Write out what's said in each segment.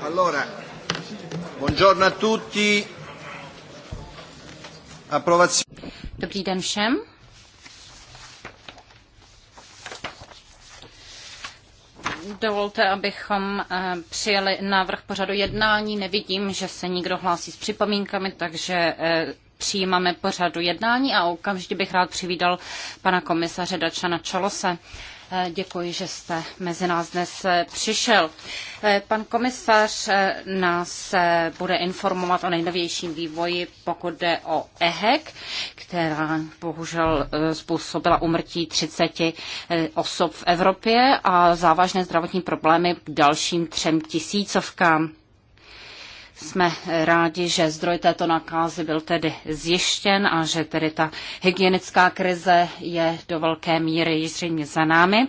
Allora, buongiorno a tutti. Approvazione. Dobrý den všem. Dovolte, abychom eh, přijeli návrh pořadu jednání. Nevidím, že se nikdo hlásí s připomínkami, takže eh, přijímáme pořadu jednání a okamžitě bych rád přivídal pana komisaře Dačana Čalose. Děkuji, že jste mezi nás dnes eh, přišel. Eh, pan komisař eh, nás bude informovat o nejnovějším vývoji, pokud jde o EHEC, která bohužel způsobila umrtí 30 osob v Evropě a závažné zdravotní problémy k dalším třem tisícovkám. Jsme rádi, že zdroj této nakázy byl tedy zjištěn a že tedy ta hygienická krize je do velké míry již zřejmě za námi.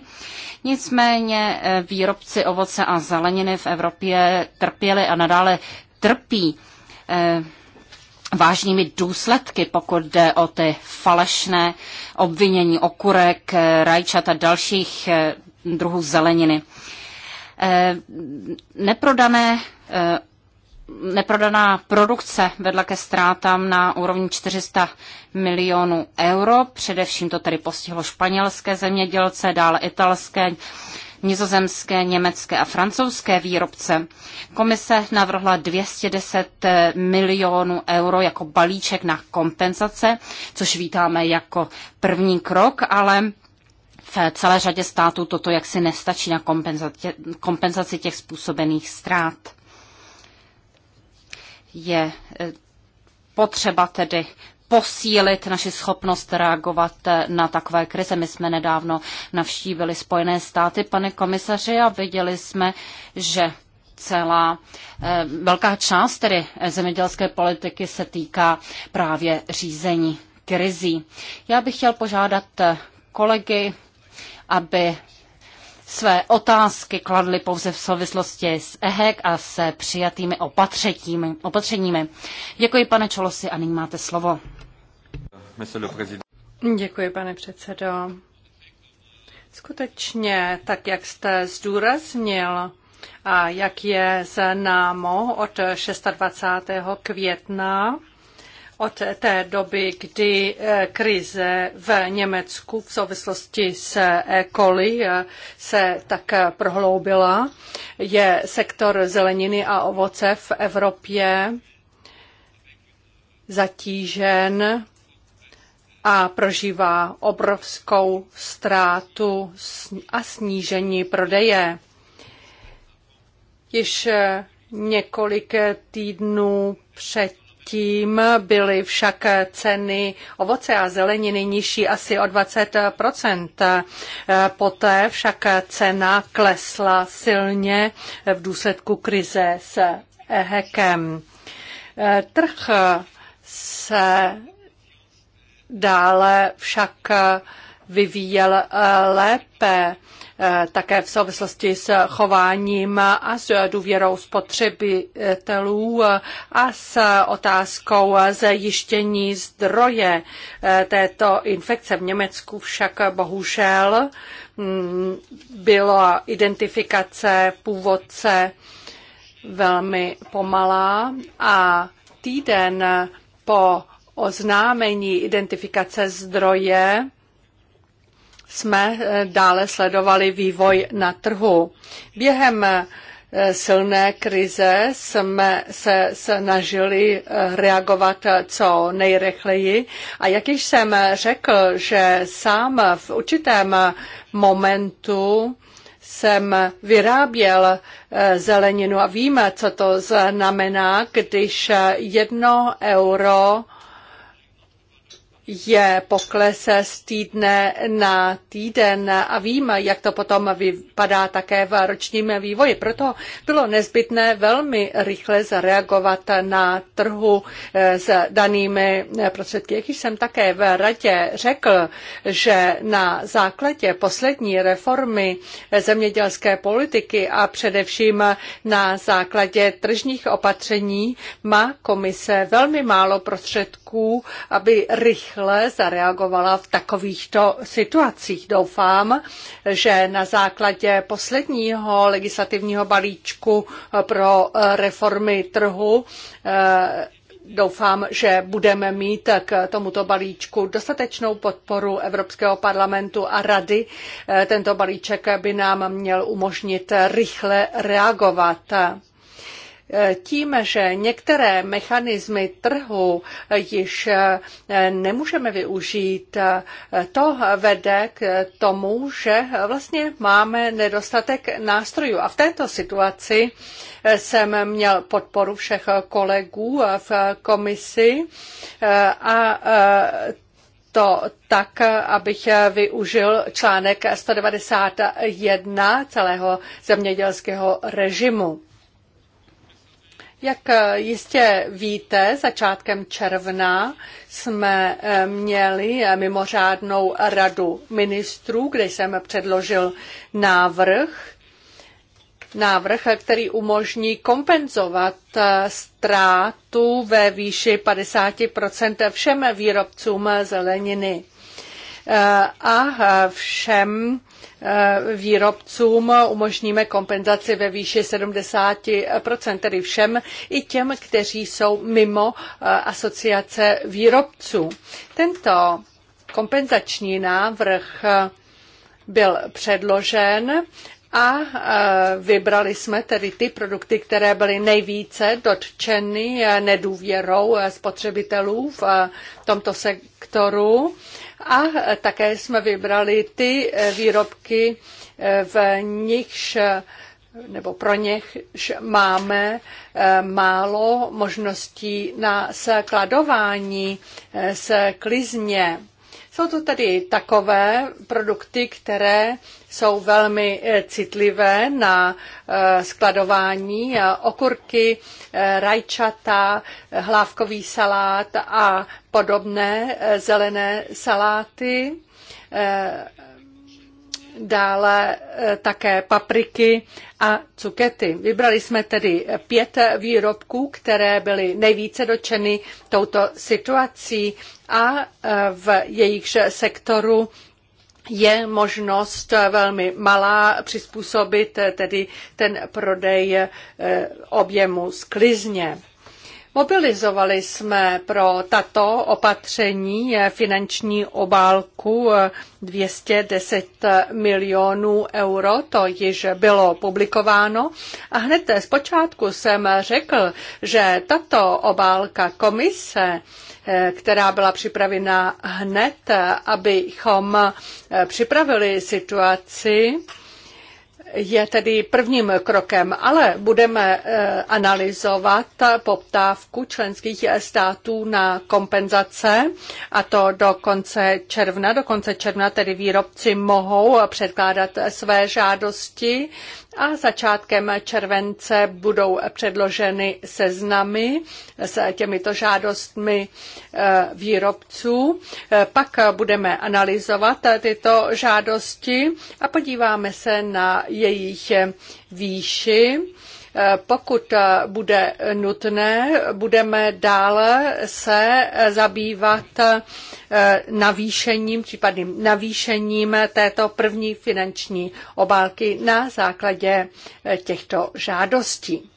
Nicméně eh, výrobci ovoce a zeleniny v Evropě trpěli a nadále trpí eh, vážnými důsledky, pokud jde o ty falešné obvinění okurek, eh, rajčat a dalších druhů zeleniny. Neprodané neprodaná produkce vedla ke ztrátám na úrovni 400 milionů euro. Především to tedy postihlo španělské zemědělce, dále italské, nizozemské, německé a francouzské výrobce. Komise navrhla 210 milionů euro jako balíček na kompenzace, což vítáme jako první krok, ale v celé řadě států toto jaksi nestačí na kompenzaci těch způsobených ztrát. Je eh, potřeba tedy posílit naši schopnost reagovat eh, na takové krize. My jsme nedávno navštívili Spojené státy, pane komisaři, a viděli jsme, že celá eh, velká část tedy zemědělské politiky se týká právě řízení krizí. Já bych chtěl požádat kolegy, aby své otázky kladli pouze v souvislosti s EHEC a se přijatými opatřeními. Děkuji, pane Čolosi, a nyní máte slovo. Děkuji, pane předsedo. Skutečně, tak jak jste zdůraznil, a jak je známo od 26. května od té doby, kdy eh, krize v Německu v souvislosti s E. coli eh, se tak eh, prohloubila, je sektor zeleniny a ovoce v Evropě zatížen a prožívá obrovskou ztrátu a snížení prodeje. Již několik týdnů před tím byly však ceny ovoce a zeleniny nižší asi o 20 Poté však cena klesla silně v důsledku krize s hekem. Trh se dále však vyvíjel lépe. Eh, také v souvislosti s chováním a s důvěrou spotřebitelů eh, a s otázkou zjištění zdroje eh, této infekce. V Německu však bohužel mm, byla identifikace původce velmi pomalá a týden po oznámení identifikace zdroje jsme eh, dále sledovali vývoj na trhu. Během eh, silné krize jsme se snažili eh, reagovat co nejrychleji a jak již jsem řekl, že sám v určitém momentu jsem vyráběl zeleninu a víme, co to znamená, když jedno euro je pokles z týdne na týden a vím, jak to potom vypadá také v ročním vývoji. Proto bylo nezbytné velmi rychle zareagovat na trhu eh, s danými eh, prostředky. Jak jsem také v radě řekl, že na základě poslední reformy eh, zemědělské politiky a především na základě tržních opatření má komise velmi málo prostředků politiků, aby rychle zareagovala v takovýchto situacích. Doufám, že na základě posledního legislativního balíčku eh, pro eh, reformy trhu eh, doufám, že budeme mít k tomuto balíčku dostatečnou podporu Evropského parlamentu a rady. Tento balíček by nám měl umožnit rychle reagovat. Tím, že některé mechanismy trhu již eh, nemůžeme využít, eh, to vede k tomu, že vlastně máme nedostatek nástrojů. A v této situaci eh, jsem měl podporu všech kolegů v komisi a to tak, abych využil článek 191 celého zemědělského režimu. Jak eh, jistě víte, začátkem června jsme eh, měli eh, mimořádnou radu ministrů, kde jsem předložil návrh, návrh, který umožní kompenzovat ztrátu ve výši 50 všem výrobcům zeleniny a všem Eh, výrobcům umožníme kompenzaci ve výši 70 tedy všem i těm, kteří jsou mimo eh, asociace výrobců. Tento kompenzační návrh eh, byl předložen a vybrali jsme tedy ty produkty, které byly nejvíce dotčeny nedůvěrou spotřebitelů v tomto sektoru. A také jsme vybrali ty eh, výrobky, eh, v nichž eh, nebo pro něž máme málo možností na skladování sklizně. Jsou to tedy takové produkty, které jsou velmi citlivé na skladování okurky, rajčata, hlávkový salát a podobné eh, zelené saláty, eh, dále eh, také papriky a cukety. Vybrali jsme tedy pět výrobků, které byly nejvíce dočeny touto situací a v jejich sektoru je možnost velmi malá přizpůsobit tedy ten prodej objemu sklizně. Mobilizovali jsme pro tato opatření finanční obálku 210 eh, milionů euro, to již bylo publikováno. A hned z počátku jsem řekl, že tato obálka komise eh, která byla připravena hned, eh, abychom připravili situaci, je tedy prvním krokem, ale budeme eh, analyzovat poptávku členských eh, států na kompenzace a to do konce června. Do konce června tedy výrobci mohou předkládat eh, své žádosti a začátkem července budou předloženy seznamy s těmito žádostmi eh, výrobců. Eh, pak budeme analyzovat tyto žádosti a podíváme se na jejich výši pokud bude nutné, budeme dále se zabývat eh, navýšením, případným navýšením této první finanční obálky na základě eh, těchto žádostí.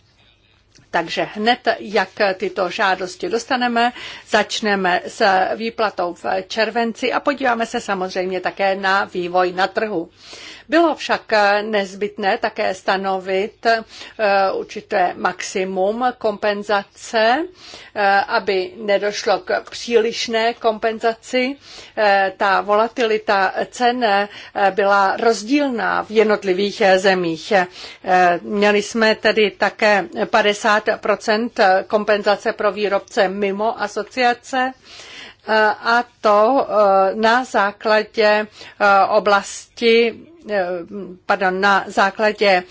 Takže hned, jak tyto žádosti dostaneme, začneme s výplatou v červenci a podíváme se samozřejmě také na vývoj na trhu. Bylo však eh, nezbytné také stanovit eh, určité maximum kompenzace, eh, aby nedošlo k přílišné kompenzaci. Ta volatilita cen byla rozdílná v jednotlivých zemích. Měli jsme tedy také 50 kompenzace pro výrobce mimo asociace a to na základě oblasti Eh, pardon, na základě eh,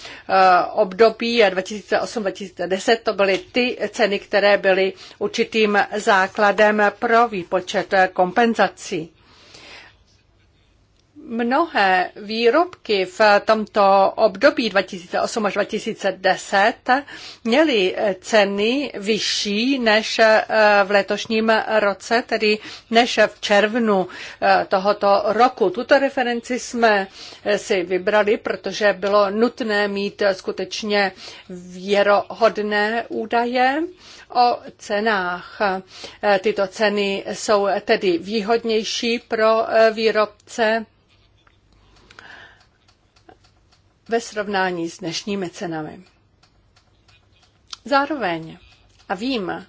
období 2008-2010 to byly ty ceny, které byly určitým základem pro výpočet kompenzací mnohé výrobky v tomto období 2008 až 2010 měly ceny vyšší než eh, v letošním roce, tedy než v červnu eh, tohoto roku. Tuto referenci jsme eh, si vybrali, protože bylo nutné mít skutečně věrohodné údaje o cenách. Tyto ceny jsou tedy výhodnější pro výrobce ve srovnání s dnešními cenami. Zároveň, a vím,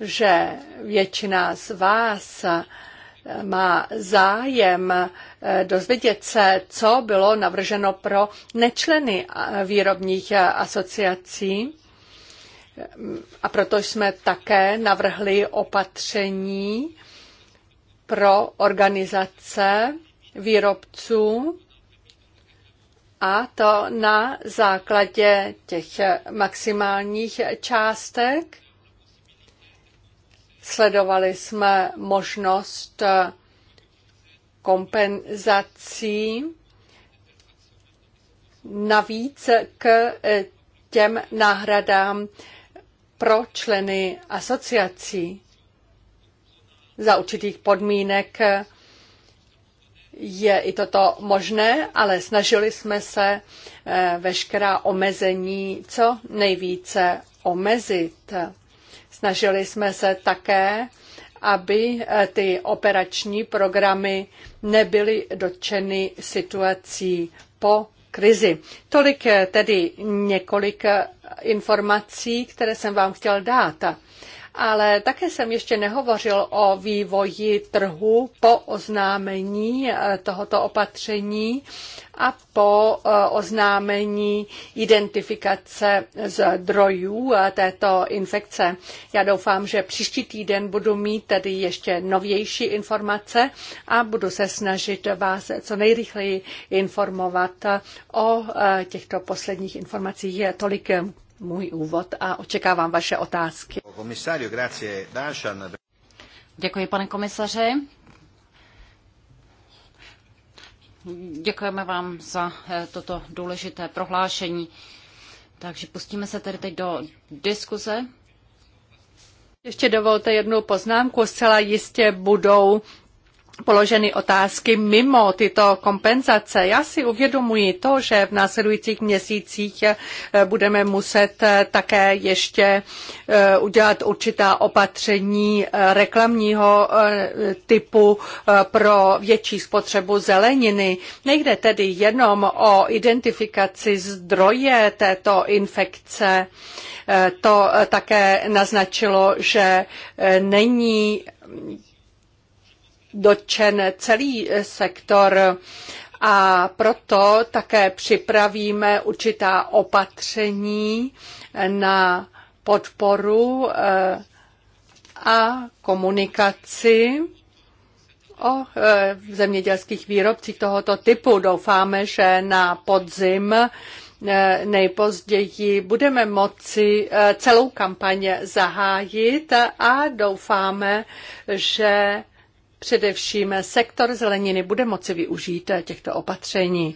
že většina z vás eh, má zájem eh, dozvědět se, co bylo navrženo pro nečleny eh, výrobních asociací. A proto jsme také navrhli opatření pro organizace výrobců a to na základě těch maximálních částek. Sledovali jsme možnost kompenzací navíc k těm náhradám pro členy asociací za určitých podmínek je i toto možné, ale snažili jsme se eh, veškerá omezení co nejvíce omezit. Snažili jsme se také, aby eh, ty operační programy nebyly dotčeny situací po krizi. Tolik eh, tedy několik informací, které jsem vám chtěl dát ale také jsem ještě nehovořil o vývoji trhu po oznámení eh, tohoto opatření a po eh, oznámení identifikace zdrojů eh, této infekce. Já doufám, že příští týden budu mít tedy ještě novější informace a budu se snažit vás co nejrychleji informovat o těchto posledních informacích. Tolik můj úvod a očekávám vaše otázky. Děkuji, pane komisaři. Děkujeme vám za eh, toto důležité prohlášení. Takže pustíme se tedy teď do diskuze. Ještě dovolte jednu poznámku. Zcela jistě budou položeny otázky mimo tyto kompenzace. Já si uvědomuji to, že v následujících měsících eh, budeme muset eh, také ještě eh, udělat určitá opatření reklamního typu pro větší spotřebu zeleniny. Nejde tedy jenom o identifikaci zdroje této infekce. To také naznačilo, že není dotčen celý eh, sektor a proto také připravíme určitá opatření eh, na podporu eh, a komunikaci o zemědělských výrobcích tohoto typu. Doufáme, že na podzim nejpozději budeme moci celou kampaně zahájit a doufáme, že Především sektor zeleniny bude moci využít těchto opatření.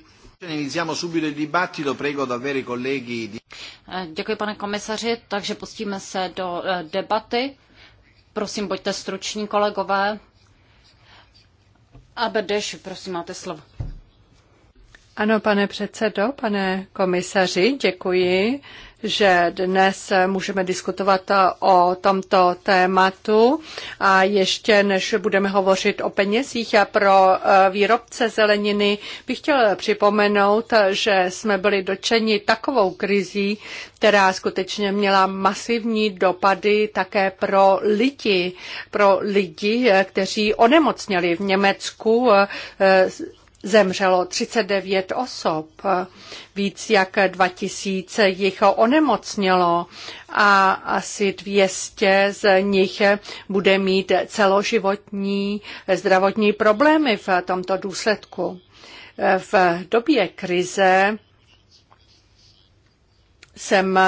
Děkuji, pane komisaři, takže pustíme se do eh, debaty. Prosím, buďte struční, kolegové. A Bedeš, prosím, máte slovo. Ano, pane předsedo, pane komisaři, děkuji že dnes můžeme diskutovat o tomto tématu a ještě než budeme hovořit o penězích a pro e, výrobce zeleniny bych chtěl připomenout, že jsme byli dočeni takovou krizí, která skutečně měla masivní dopady také pro lidi, pro lidi, e, kteří onemocněli v Německu e, zemřelo 39 osob, víc jak 2000 jich onemocnělo a asi 200 z nich bude mít celoživotní zdravotní problémy v tomto důsledku. V době krize jsem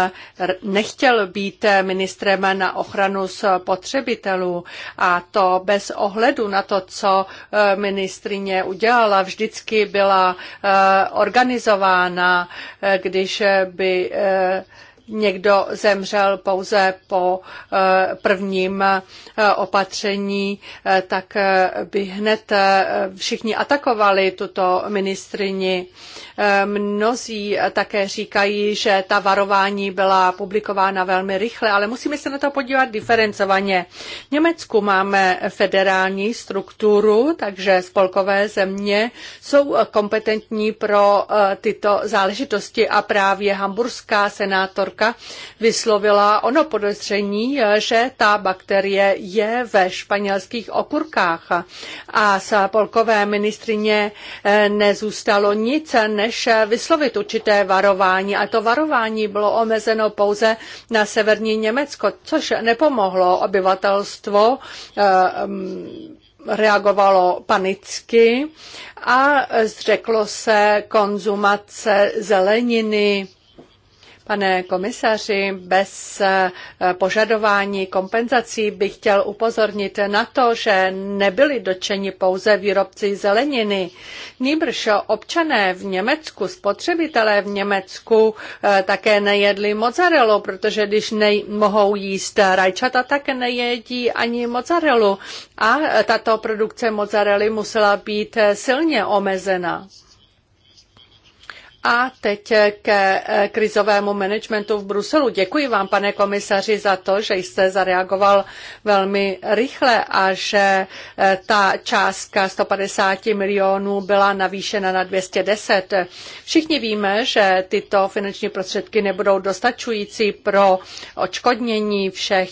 nechtěl být ministrem na ochranu spotřebitelů a to bez ohledu na to, co e, ministrině udělala. Vždycky byla e, organizována, e, když by někdo zemřel pouze po prvním opatření, tak by hned všichni atakovali tuto ministrini. Mnozí také říkají, že ta varování byla publikována velmi rychle, ale musíme se na to podívat diferencovaně. V Německu máme federální strukturu, takže spolkové země jsou kompetentní pro eh, tyto záležitosti a právě hamburská senátorka vyslovila ono podezření, eh, že ta bakterie je ve španělských okurkách a spolkové ministrině eh, nezůstalo nic, ne než vyslovit určité varování. A to varování bylo omezeno pouze na severní Německo, což nepomohlo obyvatelstvo eh, mm, reagovalo panicky a eh, zřeklo se konzumace zeleniny Pane komisaři, bez eh, požadování kompenzací bych chtěl upozornit na to, že nebyli dotčeni pouze výrobci zeleniny. Nýbrž občané v Německu, spotřebitelé v Německu eh, také nejedli mozzarellu, protože když nemohou jíst rajčata, tak nejedí ani mozzarellu. A eh, tato produkce mozzarelly musela být silně omezena. A teď ke eh, krizovému managementu v Bruselu. Děkuji vám, pane komisaři, za to, že jste zareagoval velmi rychle a že eh, ta částka 150 milionů byla navýšena na 210. Všichni víme, že tyto finanční prostředky nebudou dostačující pro očkodnění všech.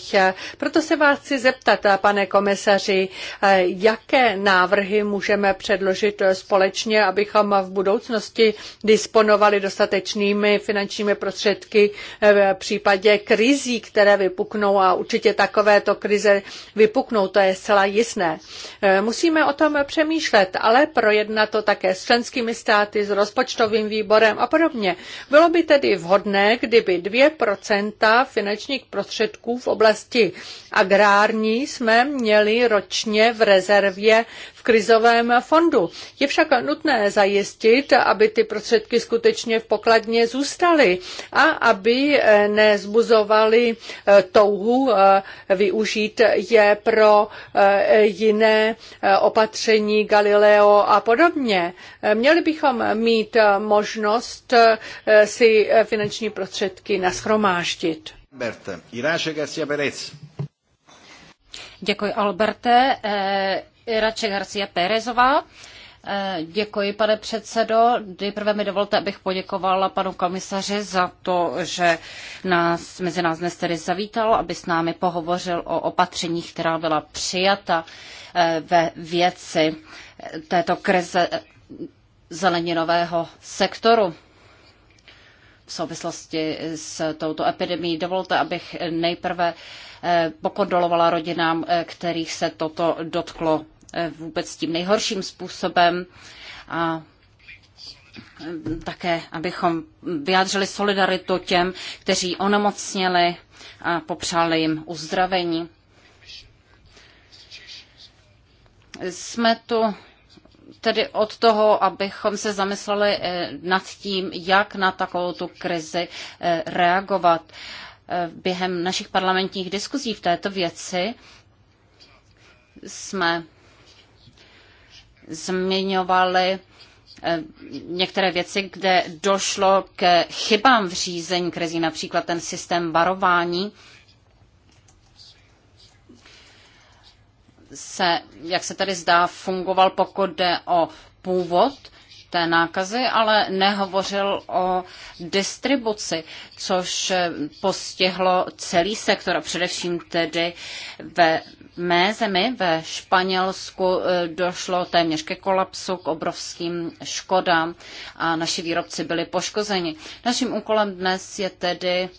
Proto se vás chci zeptat, pane komisaři, eh, jaké návrhy můžeme předložit společně, abychom v budoucnosti disponovali disponovali dostatečnými finančními prostředky eh, v případě krizí, které vypuknou a určitě takovéto krize vypuknou, to je zcela jisté. Eh, musíme o tom přemýšlet, ale projednat to také s členskými státy, s rozpočtovým výborem a podobně. Bylo by tedy vhodné, kdyby 2% finančních prostředků v oblasti agrární jsme měli ročně v rezervě v krizovém fondu. Je však nutné zajistit, aby ty prostředky skutečně skutečně v pokladně zůstaly a aby eh, nezbuzovali eh, touhu eh, využít je pro jiné opatření Galileo a podobně. Měli bychom mít možnost si finanční prostředky naschromáždit. Alberte, Děkuji, Alberte. Irače Garcia Pérezová. Děkuji, pane předsedo. Nejprve mi dovolte, abych poděkovala panu komisaři za to, že nás, mezi nás dnes tedy zavítal, aby s námi pohovořil o opatřeních, která byla přijata eh, ve věci eh, této krize zeleninového sektoru v souvislosti s touto epidemí. Dovolte, abych nejprve eh, pokondolovala rodinám, kterých se toto dotklo vůbec tím nejhorším způsobem. A mm, také, abychom vyjádřili solidaritu těm, kteří onemocněli a popřáli jim uzdravení. Jsme tu tedy od toho, abychom se zamysleli eh, nad tím, jak na takovou tu krizi eh, reagovat. Eh, během našich parlamentních diskuzí v této věci jsme zmiňovali eh, některé věci, kde došlo k chybám v řízení krizí, například ten systém varování, se, jak se tady zdá, fungoval, pokud jde o původ té nákazy, ale nehovořil o distribuci, což postihlo celý sektor a především tedy ve mé zemi, ve Španělsku, eh, došlo téměř ke kolapsu, k obrovským škodám a naši výrobci byli poškozeni. Naším úkolem dnes je tedy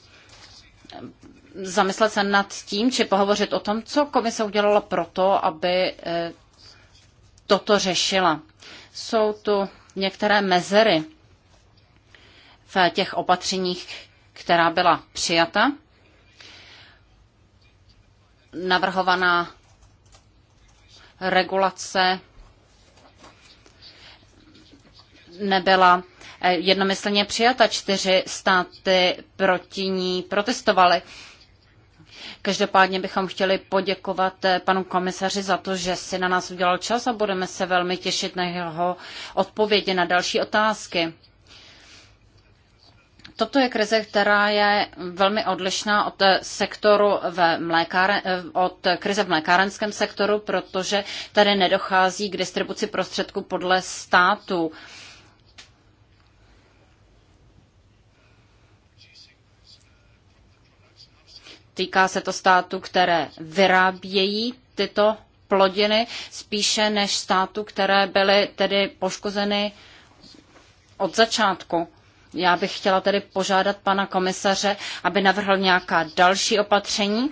zamyslet se nad tím, či pohovořit o tom, co komise udělala proto, aby eh, toto řešila. Jsou tu některé mezery v těch opatřeních, která byla přijata. Navrhovaná regulace nebyla eh, jednomyslně přijata. Čtyři státy proti ní protestovaly. Každopádně bychom chtěli poděkovat eh, panu komisaři za to, že si na nás udělal čas a budeme se velmi těšit na jeho odpovědi na další otázky. Toto je krize, která je velmi odlišná od eh, sektoru v mlékáren, eh, od krize v mlékárenském sektoru, protože tady nedochází k distribuci prostředků podle státu. Týká se to států, které vyrábějí tyto plodiny spíše než států, které byly tedy poškozeny od začátku. Já bych chtěla tedy požádat pana komisaře, aby navrhl nějaká další opatření.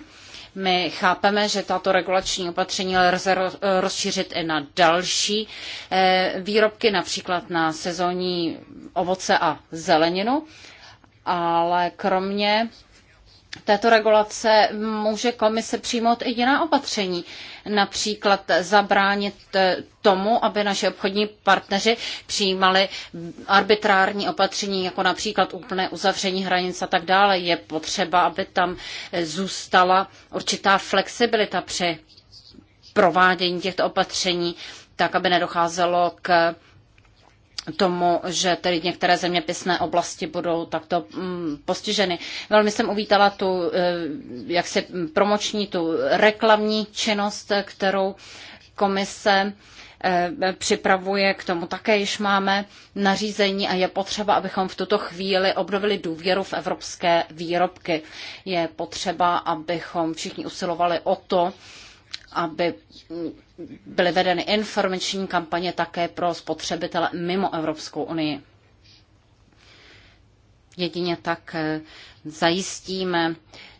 My chápeme, že tato regulační opatření lze rozšířit i na další eh, výrobky, například na sezónní ovoce a zeleninu, ale kromě této regulace může komise přijmout i jiná opatření, například zabránit eh, tomu, aby naše obchodní partneři přijímali arbitrární opatření, jako například úplné uzavření hranic a tak dále. Je potřeba, aby tam eh, zůstala určitá flexibilita při provádění těchto opatření, tak aby nedocházelo k tomu, že tedy některé zeměpisné oblasti budou takto mm, postiženy. Velmi jsem uvítala tu eh, jak se promoční, tu reklamní činnost, kterou komise eh, připravuje, k tomu také již máme nařízení a je potřeba, abychom v tuto chvíli obnovili důvěru v evropské výrobky. Je potřeba, abychom všichni usilovali o to, aby byly vedeny informační kampaně také pro spotřebitele mimo Evropskou unii. Jedině tak eh, zajistíme,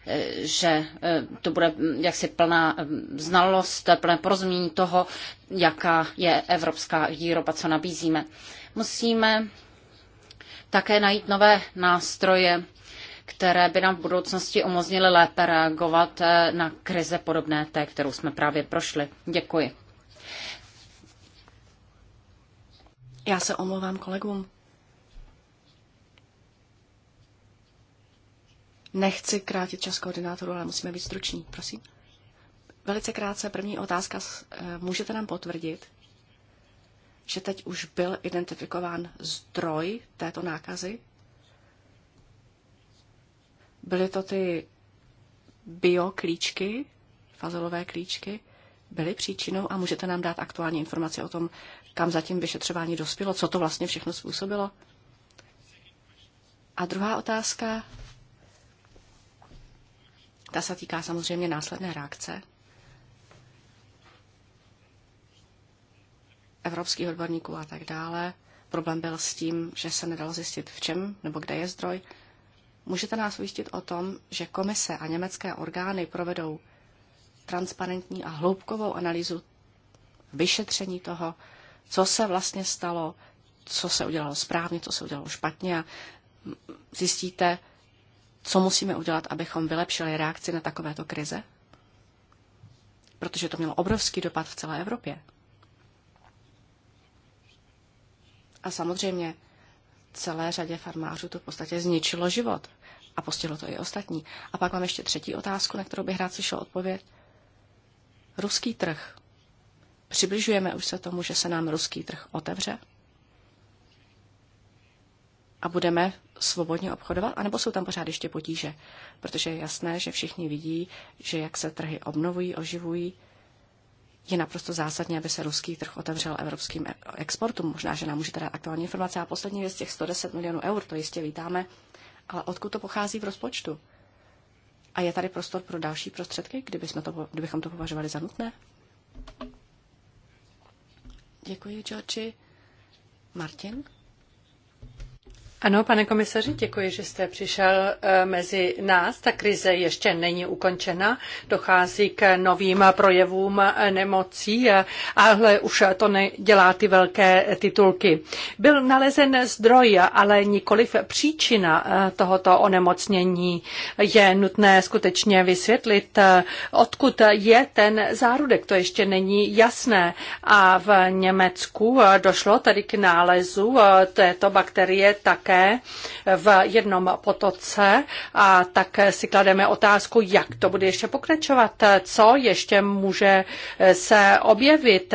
eh, že eh, to bude hm, jaksi plná hm, znalost, plné porozumění toho, jaká je evropská výroba, co nabízíme. Musíme také najít nové nástroje které by nám v budoucnosti umožnily lépe reagovat eh, na krize podobné té, kterou jsme právě prošli. Děkuji. Já se omlouvám kolegům. Nechci krátit čas koordinátoru, ale musíme být struční, prosím. Velice krátce první otázka. Eh, můžete nám potvrdit, že teď už byl identifikován zdroj této nákazy? Byly to ty bioklíčky, fazolové klíčky, byly příčinou a můžete nám dát aktuální informace o tom, kam zatím vyšetřování dospělo, co to vlastně všechno způsobilo. A druhá otázka, ta se týká samozřejmě následné reakce. Evropských odborníků a tak dále. Problém byl s tím, že se nedalo zjistit v čem nebo kde je zdroj. Můžete nás ujistit o tom, že komise a německé orgány provedou transparentní a hloubkovou analýzu vyšetření toho, co se vlastně stalo, co se udělalo správně, co se udělalo špatně a zjistíte, co musíme udělat, abychom vylepšili reakci na takovéto krize? Protože to mělo obrovský dopad v celé Evropě. A samozřejmě celé řadě farmářů to v podstatě zničilo život. A postihlo to i ostatní. A pak mám ještě třetí otázku, na kterou bych rád slyšel odpověď. Ruský trh. Přibližujeme už se tomu, že se nám ruský trh otevře? A budeme svobodně obchodovat? A nebo jsou tam pořád ještě potíže? Protože je jasné, že všichni vidí, že jak se trhy obnovují, oživují, je naprosto zásadní, aby se ruský trh otevřel evropským e- exportům. Možná, že nám můžete dát aktuální informace. A poslední věc těch 110 milionů eur, to jistě vítáme, ale odkud to pochází v rozpočtu? A je tady prostor pro další prostředky, kdybychom to, kdybychom to považovali za nutné? Děkuji, Georgi. Martin? Ano, pane komisaři, děkuji, že jste přišel eh, mezi nás. Ta krize ještě není ukončena, dochází k novým projevům eh, nemocí, eh, ale už to nedělá ty velké titulky. Byl nalezen zdroj, ale nikoliv příčina tohoto onemocnění. Je nutné skutečně vysvětlit, odkud je ten zárudek. To ještě není jasné. A v Německu došlo tady k nálezu této bakterie také také v jednom potoce a tak si klademe otázku, jak to bude ještě pokračovat, co ještě může se objevit.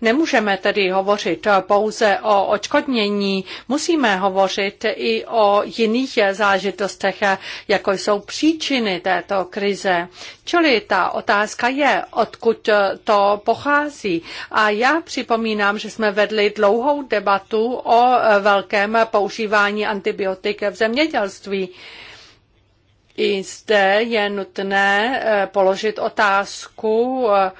Nemůžeme tedy hovořit pouze o očkodnění, musíme hovořit i o jiných zážitostech, jako jsou příčiny této krize. Čili ta otázka je, odkud to pochází. A já připomínám, že jsme vedli dlouhou debatu o velkém používání používání antibiotik v zemědělství. I zde je nutné eh, položit otázku eh,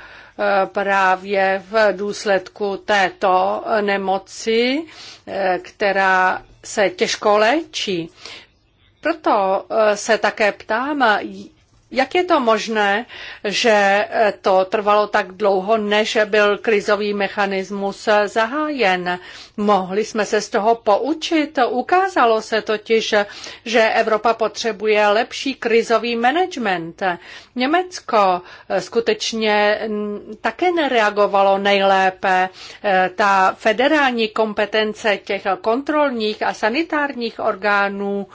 právě v důsledku této nemoci, eh, která se těžko léčí. Proto se také ptám, jak je to možné, že to trvalo tak dlouho, než byl krizový mechanismus zahájen? Mohli jsme se z toho poučit. Ukázalo se totiž, že Evropa potřebuje lepší krizový management. Německo skutečně také nereagovalo nejlépe. Ta federální kompetence těch kontrolních a sanitárních orgánů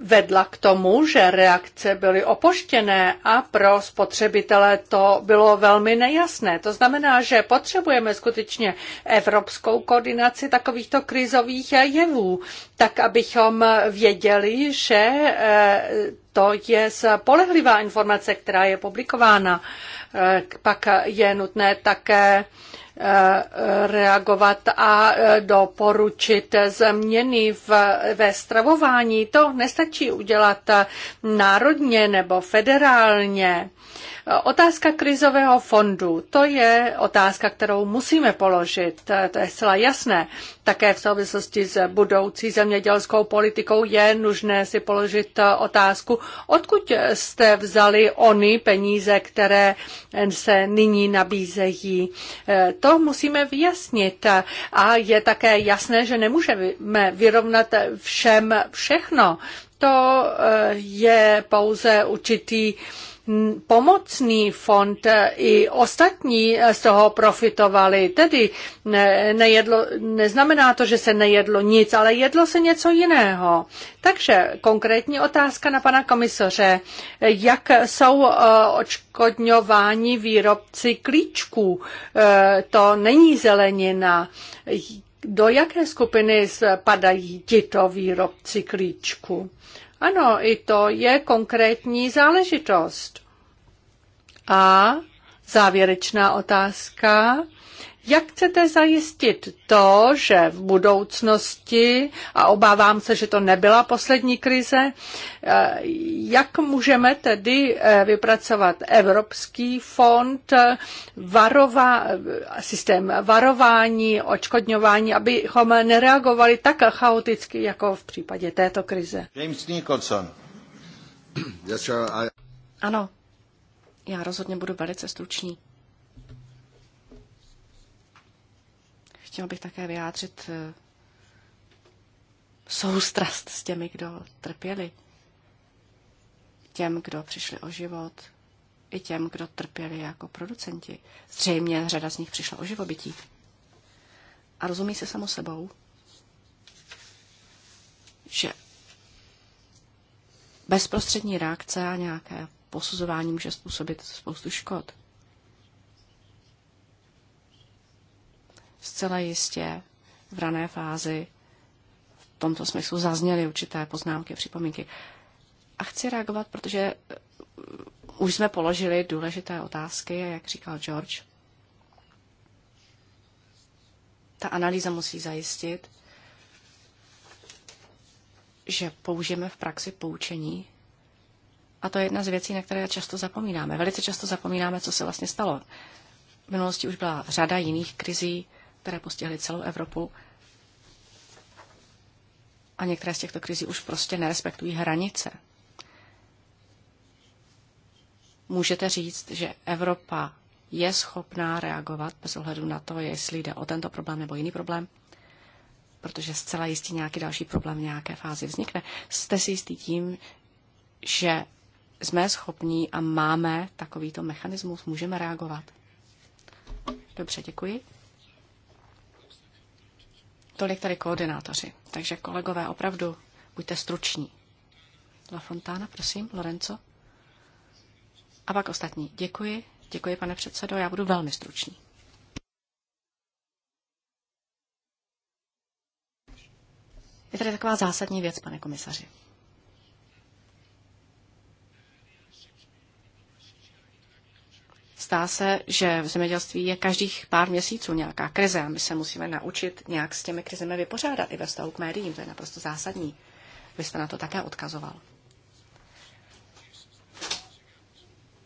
vedla k tomu, že reakce byly opoštěné a pro spotřebitele to bylo velmi nejasné. To znamená, že potřebujeme skutečně evropskou koordinaci takovýchto krizových jevů, tak abychom věděli, že eh, to je spolehlivá informace, která je publikována. Eh, pak je nutné také reagovat a e, doporučit změny v, ve stravování. To nestačí udělat e, národně nebo federálně. Otázka krizového fondu, to je otázka, kterou musíme položit, to je zcela jasné. Také v souvislosti s budoucí zemědělskou politikou je nužné si položit otázku, odkud jste vzali ony peníze, které se nyní nabízejí. To musíme vyjasnit a je také jasné, že nemůžeme vyrovnat všem všechno. To eh, je pouze určitý pomocný fond e, i ostatní e, z toho profitovali. Tedy ne, nejedlo, neznamená to, že se nejedlo nic, ale jedlo se něco jiného. Takže konkrétní otázka na pana komisaře. Jak jsou e, očkodňováni výrobci klíčků? To není zelenina. Do jaké skupiny spadají tito výrobci klíčku? Ano, i to je konkrétní záležitost. A závěrečná otázka jak chcete zajistit to, že v budoucnosti, a obávám se, že to nebyla poslední krize, eh, jak můžeme tedy eh, vypracovat Evropský fond, eh, varova, systém varování, očkodňování, abychom nereagovali tak chaoticky, jako v případě této krize? James Nicholson. Yes, sir, I... Ano, já rozhodně budu velice stručný. chtěla bych také vyjádřit eh, soustrast s těmi, kdo trpěli. Těm, kdo přišli o život, i těm, kdo trpěli jako producenti. Zřejmě řada z nich přišla o živobytí. A rozumí se samo sebou, že bezprostřední reakce a nějaké posuzování může způsobit spoustu škod. zcela jistě v rané fázi v tomto smyslu zazněly určité poznámky, připomínky. A chci reagovat, protože eh, už jsme položili důležité otázky, jak říkal George. Ta analýza musí zajistit, že použijeme v praxi poučení. A to je jedna z věcí, na které často zapomínáme. Velice často zapomínáme, co se vlastně stalo. V minulosti už byla řada jiných krizí, které postihly celou Evropu. A některé z těchto krizí už prostě nerespektují hranice. Můžete říct, že Evropa je schopná reagovat bez ohledu na to, jestli jde o tento problém nebo jiný problém? Protože zcela jistě nějaký další problém v nějaké fázi vznikne. Jste si jistý tím, že jsme schopní a máme takovýto mechanismus, můžeme reagovat? Dobře, děkuji. Tolik tady koordinátoři. Takže kolegové, opravdu buďte struční. La Fontana, prosím, Lorenzo. A pak ostatní. Děkuji. Děkuji, pane předsedo. Já budu velmi stručný. Je tady taková zásadní věc, pane komisaři. Stá se, že v zemědělství je každých pár měsíců nějaká krize a my se musíme naučit nějak s těmi krizemi vypořádat i ve vztahu k médiím. To je naprosto zásadní. Vy jste na to také odkazoval.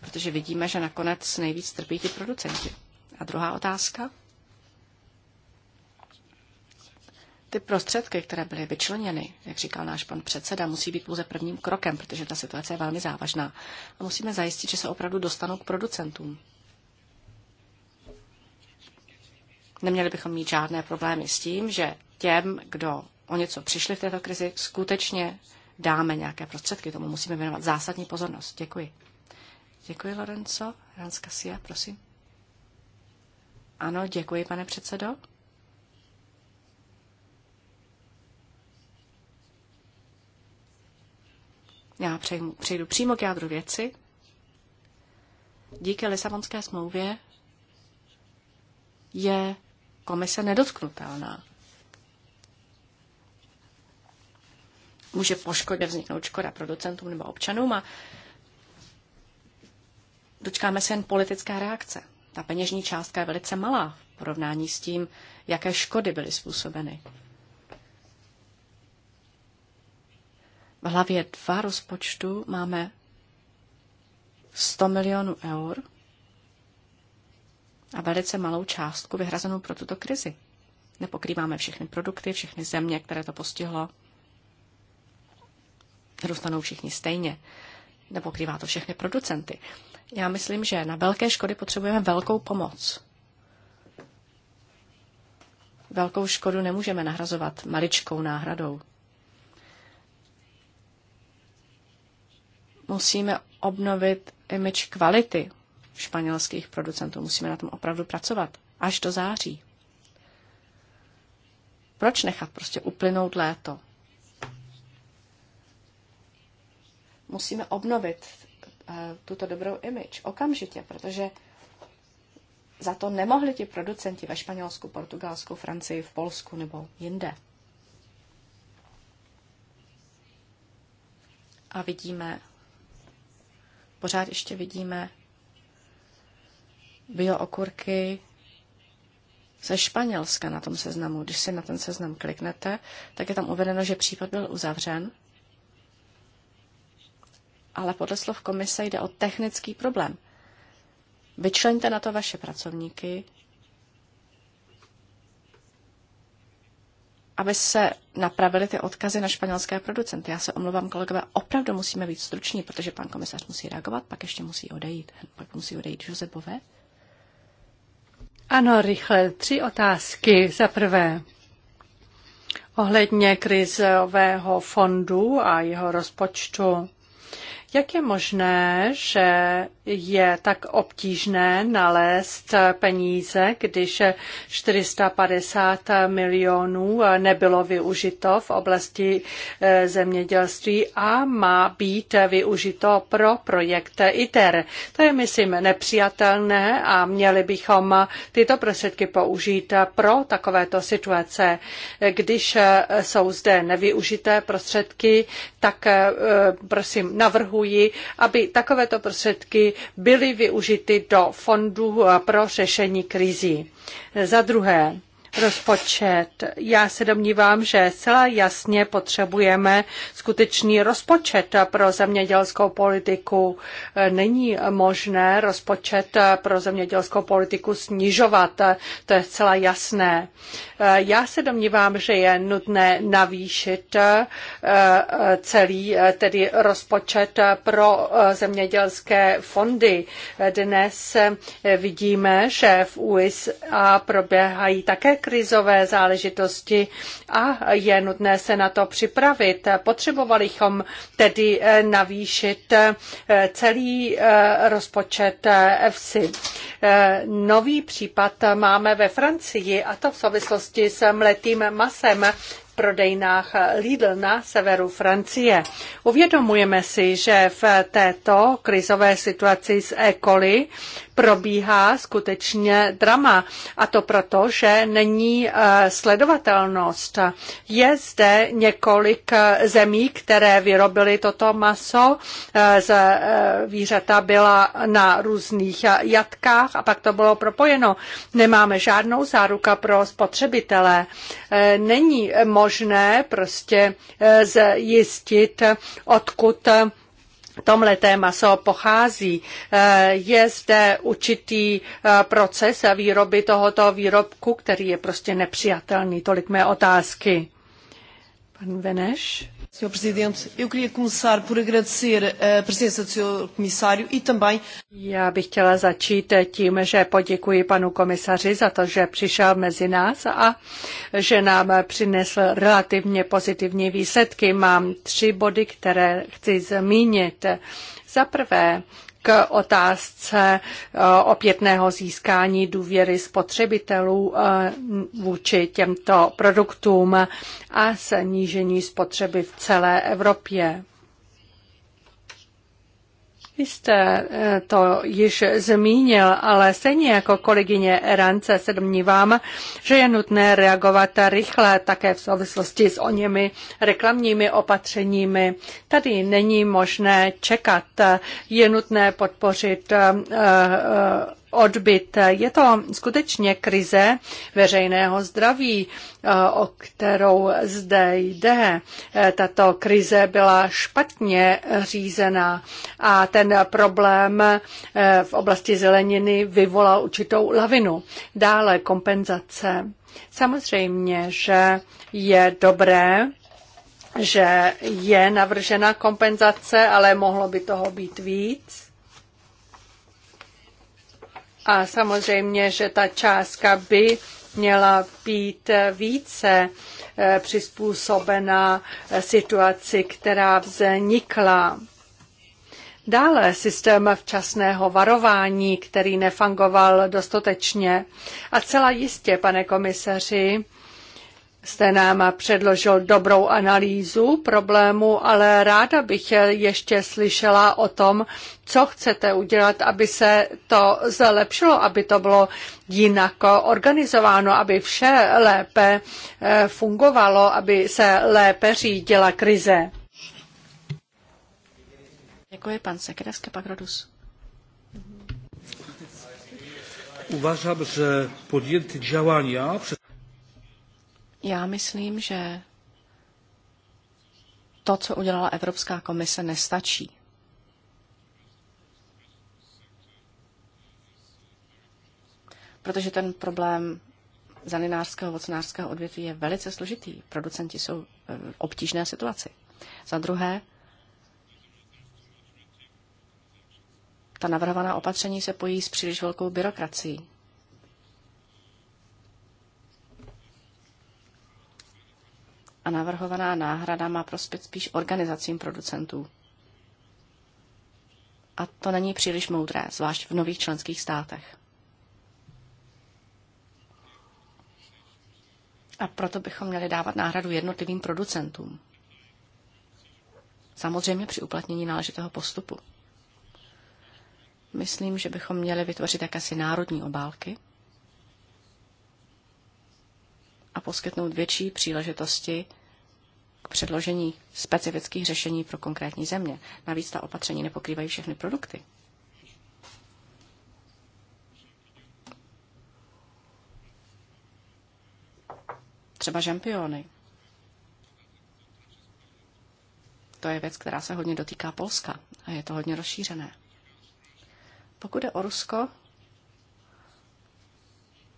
Protože vidíme, že nakonec nejvíc trpí ti producenti. A druhá otázka? Ty prostředky, které byly vyčleněny, jak říkal náš pan předseda, musí být pouze prvním krokem, protože ta situace je velmi závažná. A musíme zajistit, že se opravdu dostanou k producentům. Neměli bychom mít žádné problémy s tím, že těm, kdo o něco přišli v této krizi, skutečně dáme nějaké prostředky. Tomu musíme věnovat zásadní pozornost. Děkuji. Děkuji, Lorenzo. Ranska Sia, prosím. Ano, děkuji, pane předsedo. Já přejdu, přejdu přímo k jádru věci. Díky Lisabonské smlouvě je komise nedotknutelná. Může po škodě vzniknout škoda producentům nebo občanům a dočkáme se jen politické reakce. Ta peněžní částka je velice malá v porovnání s tím, jaké škody byly způsobeny. V hlavě dva rozpočtu máme 100 milionů eur a velice malou částku vyhrazenou pro tuto krizi. Nepokrýváme všechny produkty, všechny země, které to postihlo. Dostanou všichni stejně. Nepokrývá to všechny producenty. Já myslím, že na velké škody potřebujeme velkou pomoc. Velkou škodu nemůžeme nahrazovat maličkou náhradou. musíme obnovit image kvality španělských producentů. Musíme na tom opravdu pracovat. Až do září. Proč nechat prostě uplynout léto? Musíme obnovit eh, tuto dobrou image okamžitě, protože za to nemohli ti producenti ve Španělsku, Portugalsku, Francii, v Polsku nebo jinde. A vidíme, Pořád ještě vidíme biookurky ze Španělska na tom seznamu. Když si na ten seznam kliknete, tak je tam uvedeno, že případ byl uzavřen, ale podle slov komise jde o technický problém. Vyčleňte na to vaše pracovníky, aby se napravily ty odkazy na španělské producenty. Já se omlouvám, kolegové, opravdu musíme být struční, protože pan komisař musí reagovat, pak ještě musí odejít. Pak musí odejít Josebové. Ano, rychle. Tři otázky. Za prvé, ohledně krizového fondu a jeho rozpočtu. Jak je možné, že je tak obtížné nalézt peníze, když 450 milionů nebylo využito v oblasti eh, zemědělství a má být využito pro projekt ITER? To je, myslím, nepřijatelné a měli bychom tyto prostředky použít pro takovéto situace. Když eh, jsou zde nevyužité prostředky, tak eh, prosím navrhu navrhuji, aby takovéto prostředky byly využity do fondu eh, pro řešení krizí. Za druhé, rozpočet. Já se domnívám, že celá jasně potřebujeme skutečný rozpočet pro zemědělskou politiku. Není možné rozpočet pro zemědělskou politiku snižovat, to je celá jasné. Já se domnívám, že je nutné navýšit eh, celý eh, tedy rozpočet pro eh, zemědělské fondy. Dnes vidíme, že v USA proběhají také krizové záležitosti a je nutné se na to připravit. Potřebovali bychom tedy eh, navýšit eh, celý eh, rozpočet EFSI. Nový případ máme ve Francii a to v souvislosti s mletým masem, prodejnách Lidl na severu Francie. Uvědomujeme si, že v této krizové situaci s E. coli probíhá skutečně drama. A to proto, že není eh, sledovatelnost. Je zde několik eh, zemí, které vyrobily toto maso. Eh, zvířata byla na různých jatkách a pak to bylo propojeno. Nemáme žádnou záruka pro spotřebitele. Není možné prostě zjistit, odkud téma, maso pochází. Eh, je zde určitý eh, proces výroby tohoto výrobku, který je prostě nepřijatelný. Tolik mé otázky. Pan Veneš? Sr. Presidente, eu queria começar por agradecer a presença do Sr. Comissário e também... Já bych chtěla začít tím, že poděkuji panu komisaři za to, že přišel mezi nás a že nám přinesl relativně pozitivní výsledky. Mám tři body, které chci zmínit. Za prvé, otázce eh, opětného získání důvěry spotřebitelů eh, vůči těmto produktům a snížení spotřeby v celé Evropě. Vy jste eh, to již zmínil, ale stejně jako kolegyně Erance se domnívám, že je nutné reagovat rychle také v souvislosti s němi reklamními opatřeními. Tady není možné čekat. Je nutné podpořit eh, eh, odbyt. Je to skutečně krize veřejného zdraví, eh, o kterou zde jde. Eh, tato krize byla špatně řízená a ten problém eh, v oblasti zeleniny vyvolal určitou lavinu. Dále kompenzace. Samozřejmě, že je dobré že je navržena kompenzace, ale mohlo by toho být víc. A samozřejmě, že ta částka by měla být více eh, přizpůsobená situaci, která vznikla. Dále systém včasného varování, který nefangoval dostatečně. A celá jistě, pane komisaři, jste nám předložil dobrou analýzu problému, ale ráda bych ještě slyšela o tom, co chcete udělat, aby se to zlepšilo, aby to bylo jinak organizováno, aby vše lépe eh, fungovalo, aby se lépe řídila krize. Děkuji, pan sekretářka Pagrodus. Uvažám, že podjetí działania przez já myslím, že to, co udělala Evropská komise, nestačí. Protože ten problém zaninářského, ocenářského odvětví je velice složitý. Producenti jsou eh, v obtížné situaci. Za druhé, ta navrhovaná opatření se pojí s příliš velkou byrokracií. a navrhovaná náhrada má prospět spíš organizacím producentů. A to není příliš moudré, zvlášť v nových členských státech. A proto bychom měli dávat náhradu jednotlivým producentům. Samozřejmě při uplatnění náležitého postupu. Myslím, že bychom měli vytvořit jakési národní obálky a poskytnout větší příležitosti předložení specifických řešení pro konkrétní země. Navíc ta opatření nepokrývají všechny produkty. Třeba žampiony. To je věc, která se hodně dotýká Polska a je to hodně rozšířené. Pokud je o Rusko,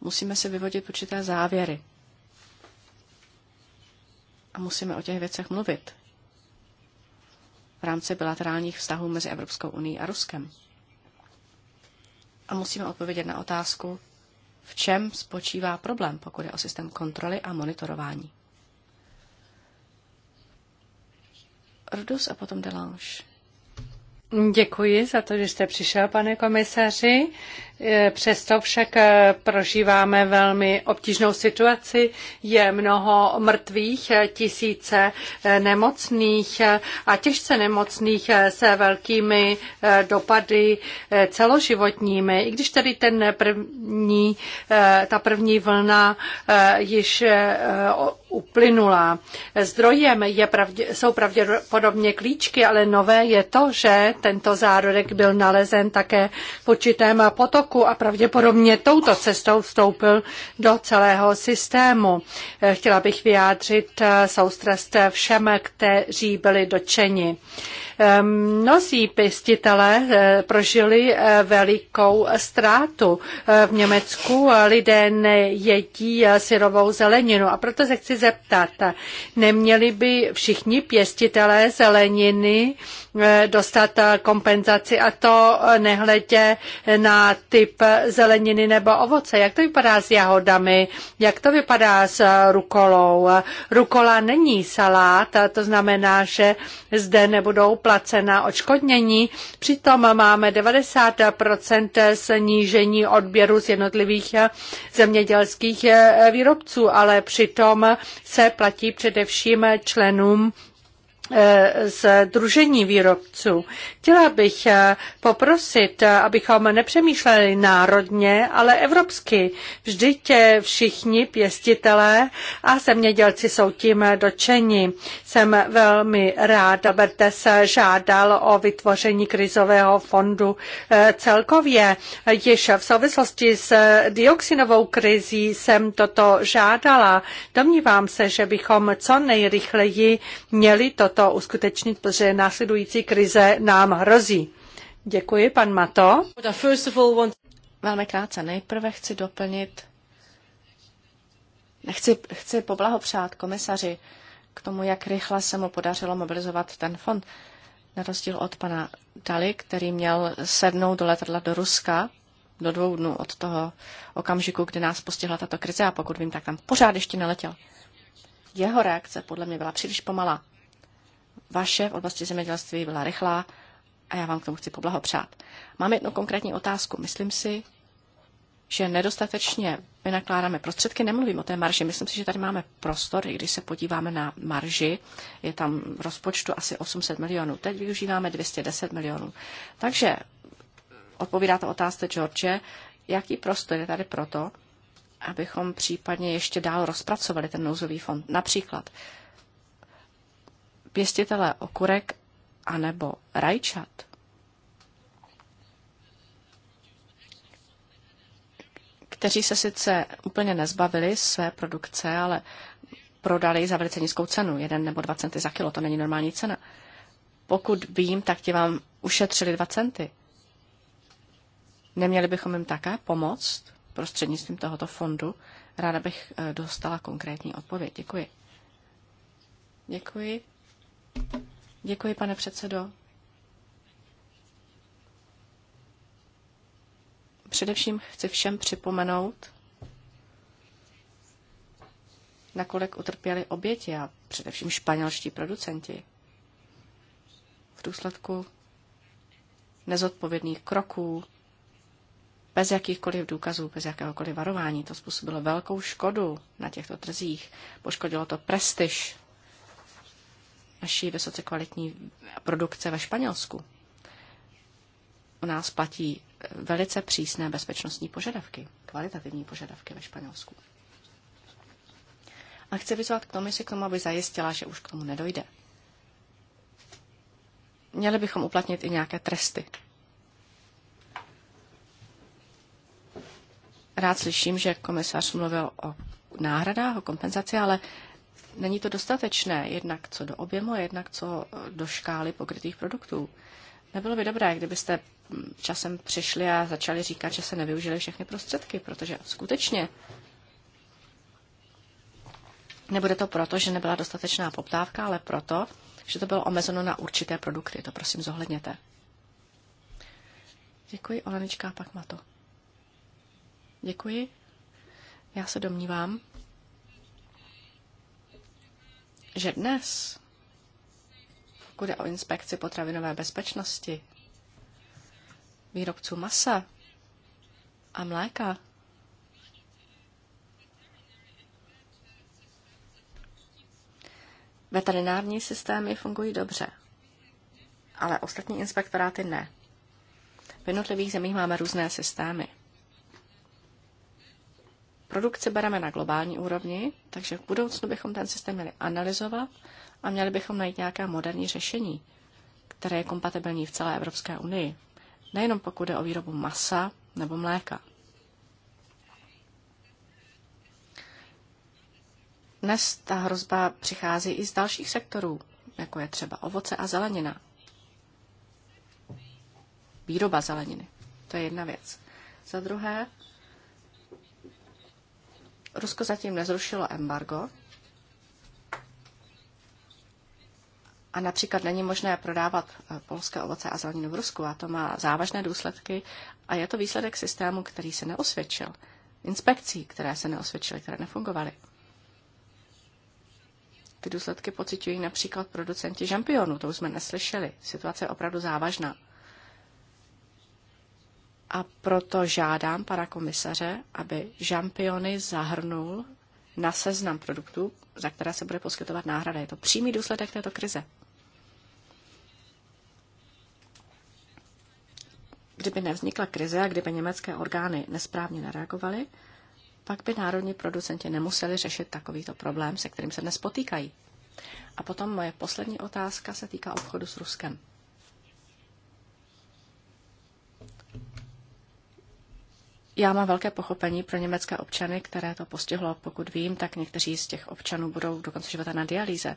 musíme si vyvodit určité závěry a musíme o těch věcech mluvit v rámci bilaterálních vztahů mezi Evropskou unii a Ruskem. A musíme odpovědět na otázku, v čem spočívá problém, pokud je o systém kontroly a monitorování. Rudus a potom Delange. Děkuji za to, že jste přišel, pane komisaři. Eh, Přesto však eh, prožíváme velmi obtížnou situaci. Je mnoho mrtvých, eh, tisíce nemocných a těžce nemocných se velkými dopady celoživotními. I když tedy ten první, ta první vlna již uplynula. Zdrojem je pravdě, jsou pravděpodobně klíčky, ale nové je to, že tento zárodek byl nalezen také v určitém potoku a pravděpodobně touto cestou vstoupil do celého systému. Chtěla bych vyjádřit soustrast všem, kteří byli dočeni. Mnozí pěstitelé eh, prožili eh, velikou ztrátu. Eh, v Německu lidé nejedí syrovou zeleninu a proto se chci zeptat. Neměli by všichni pěstitelé zeleniny eh, dostat eh, kompenzaci a to eh, nehledě na typ zeleniny nebo ovoce. Jak to vypadá s jahodami? Jak to vypadá s rukolou? Rukola není salát, to znamená, že zde nebudou placena očkodnění. Přitom máme 90% snížení odběru z jednotlivých zemědělských výrobců, ale přitom se platí především členům eh, združení výrobců. Chtěla bych eh, poprosit, eh, abychom nepřemýšleli národně, ale evropsky. Vždyť všichni pěstitelé a zemědělci jsou tím dočeni. Jsem velmi rád, se žádal o vytvoření krizového fondu eh, celkově. Již v souvislosti s dioxinovou krizí jsem toto žádala. Domnívám se, že bychom co nejrychleji měli toto uskutečnit, protože následující krize nám nám hrozí. Děkuji, pan Mato. Velmi krátce. Nejprve chci doplnit. Chci, chci poblahopřát komisaři k tomu, jak rychle se mu podařilo mobilizovat ten fond. Na rozdíl od pana Dali, který měl sednout do letadla do Ruska do dvou dnů od toho okamžiku, kdy nás postihla tato krize a pokud vím, tak tam pořád ještě neletěl. Jeho reakce podle mě byla příliš pomalá. Vaše v oblasti zemědělství byla rychlá a já vám k tomu chci poblahopřát. Mám jednu konkrétní otázku. Myslím si, že nedostatečně vynakládáme prostředky. Nemluvím o té marži. Myslím si, že tady máme prostor, i když se podíváme na marži, je tam v rozpočtu asi 800 milionů. Teď využíváme 210 milionů. Takže odpovídá to otázce George, jaký prostor je tady proto, abychom případně ještě dál rozpracovali ten nouzový fond. Například pěstitele okurek anebo rajčat, kteří se sice úplně nezbavili své produkce, ale prodali za velice nízkou cenu, 1 nebo 2 centy za kilo, to není normální cena. Pokud vím, tak ti vám ušetřili 2 centy. Neměli bychom jim také pomoct prostřednictvím tohoto fondu? Ráda bych eh, dostala konkrétní odpověď. Děkuji. Děkuji. Děkuji, pane předsedo. Především chci všem připomenout, nakolik utrpěli oběti a především španělští producenti v důsledku nezodpovědných kroků, bez jakýchkoliv důkazů, bez jakéhokoliv varování. To způsobilo velkou škodu na těchto trzích. Poškodilo to prestiž naší vysoce kvalitní produkce ve Španělsku. U nás platí velice přísné bezpečnostní požadavky, kvalitativní požadavky ve Španělsku. A chci vyzvat k komisi k tomu, aby zajistila, že už k tomu nedojde. Měli bychom uplatnit i nějaké tresty. Rád slyším, že komisař mluvil o náhradách, o kompenzaci, ale není to dostatečné, jednak co do objemu, jednak co do škály pokrytých produktů. Nebylo by dobré, kdybyste časem přišli a začali říkat, že se nevyužili všechny prostředky, protože skutečně nebude to proto, že nebyla dostatečná poptávka, ale proto, že to bylo omezeno na určité produkty. To prosím zohledněte. Děkuji, Olenička, a pak Mato. Děkuji. Já se domnívám, že dnes, pokud je o inspekci potravinové bezpečnosti, výrobců masa a mléka, Veterinární systémy fungují dobře, ale ostatní inspektoráty ne. V jednotlivých zemích máme různé systémy. Produkci bereme na globální úrovni, takže v budoucnu bychom ten systém měli analyzovat a měli bychom najít nějaká moderní řešení, které je kompatibilní v celé Evropské unii. Nejenom pokud jde o výrobu masa nebo mléka. Dnes ta hrozba přichází i z dalších sektorů, jako je třeba ovoce a zelenina. Výroba zeleniny. To je jedna věc. Za druhé, Rusko zatím nezrušilo embargo a například není možné prodávat eh, polské ovoce a zeleninu v Rusku a to má závažné důsledky a je to výsledek systému, který se neosvědčil, inspekcí, které se neosvědčily, které nefungovaly. Ty důsledky pocitují například producenti žampionů, to už jsme neslyšeli. Situace je opravdu závažná. A proto žádám pana komisaře, aby žampiony zahrnul na seznam produktů, za které se bude poskytovat náhrada. Je to přímý důsledek této krize. Kdyby nevznikla krize a kdyby německé orgány nesprávně nereagovaly, pak by národní producenti nemuseli řešit takovýto problém, se kterým se dnes potýkají. A potom moje poslední otázka se týká obchodu s Ruskem. Já mám velké pochopení pro německé občany, které to postihlo. Pokud vím, tak někteří z těch občanů budou do konce života na dialýze.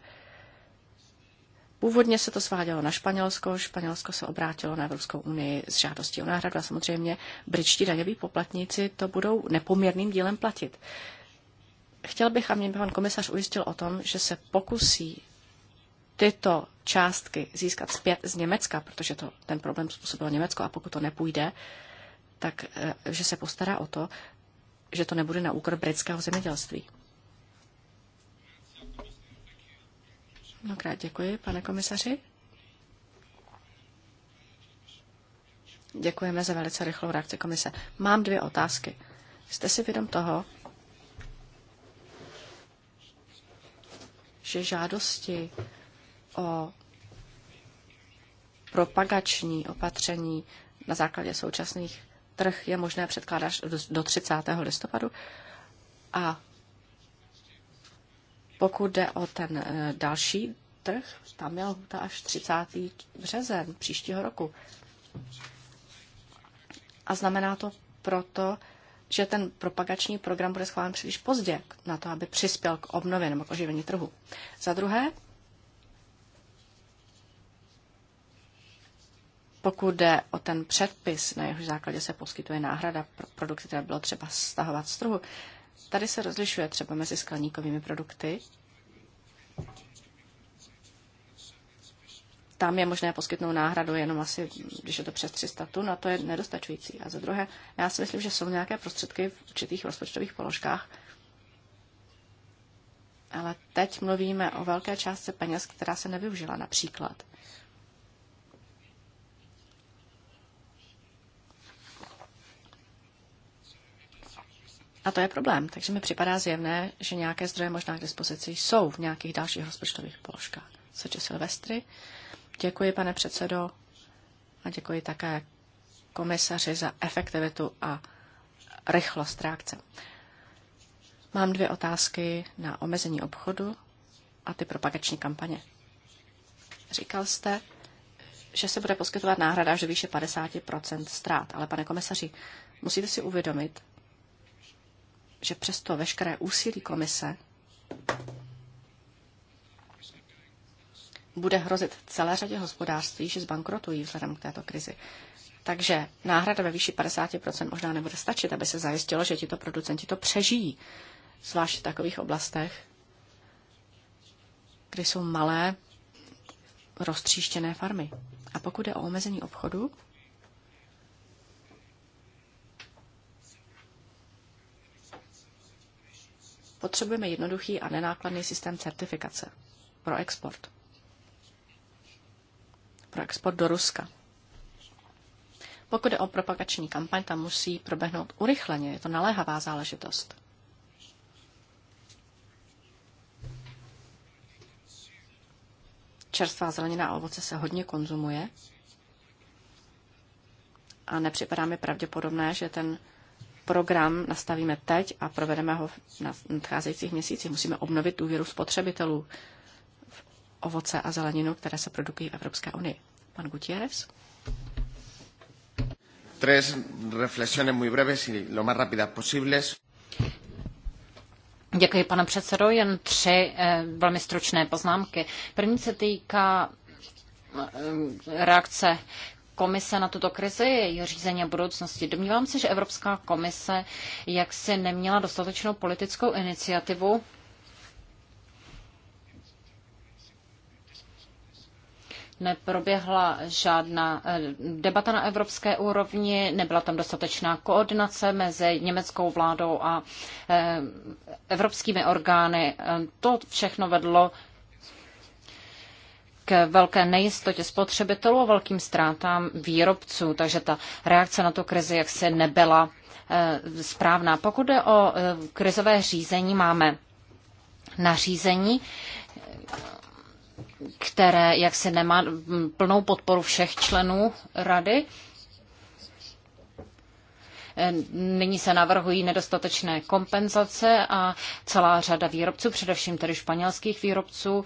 Původně se to svádělo na Španělsko, Španělsko se obrátilo na Evropskou unii s žádostí o náhradu a samozřejmě britští daňoví poplatníci to budou nepoměrným dílem platit. Chtěl bych, a mě by pan komisař ujistil o tom, že se pokusí tyto částky získat zpět z Německa, protože to, ten problém způsobilo Německo a pokud to nepůjde, tak eh, že se postará o to, že to nebude na úkor britského zemědělství. Mnohokrát děkuji, pane komisaři. Děkujeme za velice rychlou reakci komise. Mám dvě otázky. Jste si vědom toho, že žádosti o propagační opatření na základě současných trh je možné předkládat do 30. listopadu. A pokud jde o ten eh, další trh, tam je lhuta až 30. březen příštího roku. A znamená to proto, že ten propagační program bude schválen příliš pozdě na to, aby přispěl k obnově nebo k oživení trhu. Za druhé, Pokud jde o ten předpis, na jehož základě se poskytuje náhrada pro produkty, které bylo třeba stahovat z trhu, tady se rozlišuje třeba mezi skleníkovými produkty. Tam je možné poskytnout náhradu jenom asi, když je to přes 300 tun, a to je nedostačující. A za druhé, já si myslím, že jsou nějaké prostředky v určitých rozpočtových položkách, ale teď mluvíme o velké částce peněz, která se nevyužila například A to je problém. Takže mi připadá zjevné, že nějaké zdroje možná k dispozici jsou v nějakých dalších rozpočtových položkách. Seče Silvestry. Děkuji, pane předsedo, a děkuji také komisaři za efektivitu a rychlost reakce. Mám dvě otázky na omezení obchodu a ty propagační kampaně. Říkal jste, že se bude poskytovat náhrada až do výše 50 ztrát, ale pane komisaři, musíte si uvědomit, že přesto veškeré úsilí komise bude hrozit celé řadě hospodářství, že zbankrotují vzhledem k této krizi. Takže náhrada ve výši 50% možná nebude stačit, aby se zajistilo, že tito producenti to přežijí, zvlášť v takových oblastech, kde jsou malé roztříštěné farmy. A pokud je o omezení obchodu, Potřebujeme jednoduchý a nenákladný systém certifikace pro export. Pro export do Ruska. Pokud je o propagační kampaň, tam musí proběhnout urychleně, je to naléhavá záležitost. Čerstvá zelenina a ovoce se hodně konzumuje a nepřipadá mi pravděpodobné, že ten program nastavíme teď a provedeme ho na nadcházejících měsících. Musíme obnovit důvěru spotřebitelů v ovoce a zeleninu, které se produkují v Evropské unii. Pan Gutierrez. Tres reflexiones muy breves y lo más rápidas posibles. Děkuji, pane předsedo. Jen tři eh, velmi stručné poznámky. První se týká eh, reakce komise na tuto krizi, její řízení a budoucnosti. Domnívám se, že Evropská komise jaksi neměla dostatečnou politickou iniciativu neproběhla žádná eh, debata na evropské úrovni, nebyla tam dostatečná koordinace mezi německou vládou a eh, evropskými orgány. Eh, to všechno vedlo k velké nejistotě spotřebitelů a velkým ztrátám výrobců. Takže ta reakce na tu krizi jaksi nebyla eh, správná. Pokud je o eh, krizové řízení, máme nařízení, které jaksi nemá mm, plnou podporu všech členů rady. Nyní se navrhují nedostatečné kompenzace a celá řada výrobců, především tedy španělských výrobců,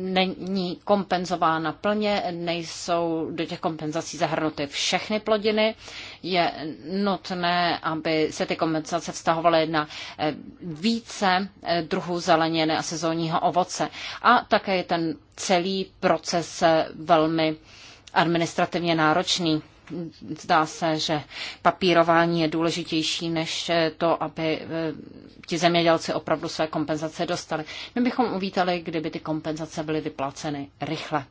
není kompenzována plně, nejsou do těch kompenzací zahrnuty všechny plodiny. Je nutné, aby se ty kompenzace vztahovaly na eh, více eh, druhů zeleniny a sezónního ovoce. A také je ten celý proces eh, velmi administrativně náročný zdá se, že papírování je důležitější než to, aby eh, ti zemědělci opravdu své kompenzace dostali. My bychom uvítali, kdyby ty kompenzace byly vyplaceny rychle.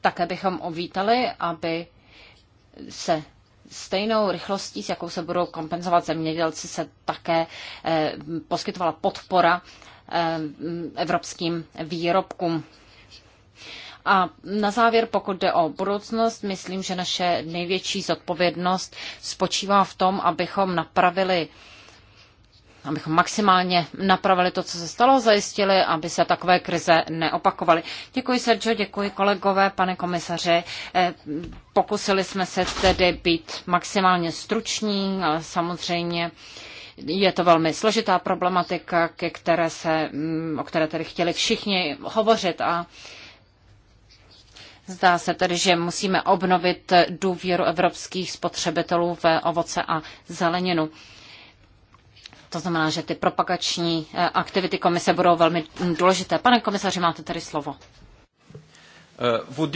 Také bychom uvítali, aby se stejnou rychlostí, s jakou se budou kompenzovat zemědělci, se také eh, poskytovala podpora eh, evropským výrobkům. A na závěr, pokud jde o budoucnost, myslím, že naše největší zodpovědnost spočívá v tom, abychom napravili abychom maximálně napravili to, co se stalo, zajistili, aby se takové krize neopakovaly. Děkuji, Sergio, děkuji kolegové, pane komisaři. Eh, pokusili jsme se tedy být maximálně struční, ale samozřejmě je to velmi složitá problematika, ke které se, mm, o které tedy chtěli všichni hovořit a Zdá se tedy, že musíme obnovit důvěru evropských spotřebitelů ve ovoce a zeleninu. To znamená, že ty propagační eh, aktivity komise budou velmi mm, důležité. Pane komisaři, máte tady slovo. uh...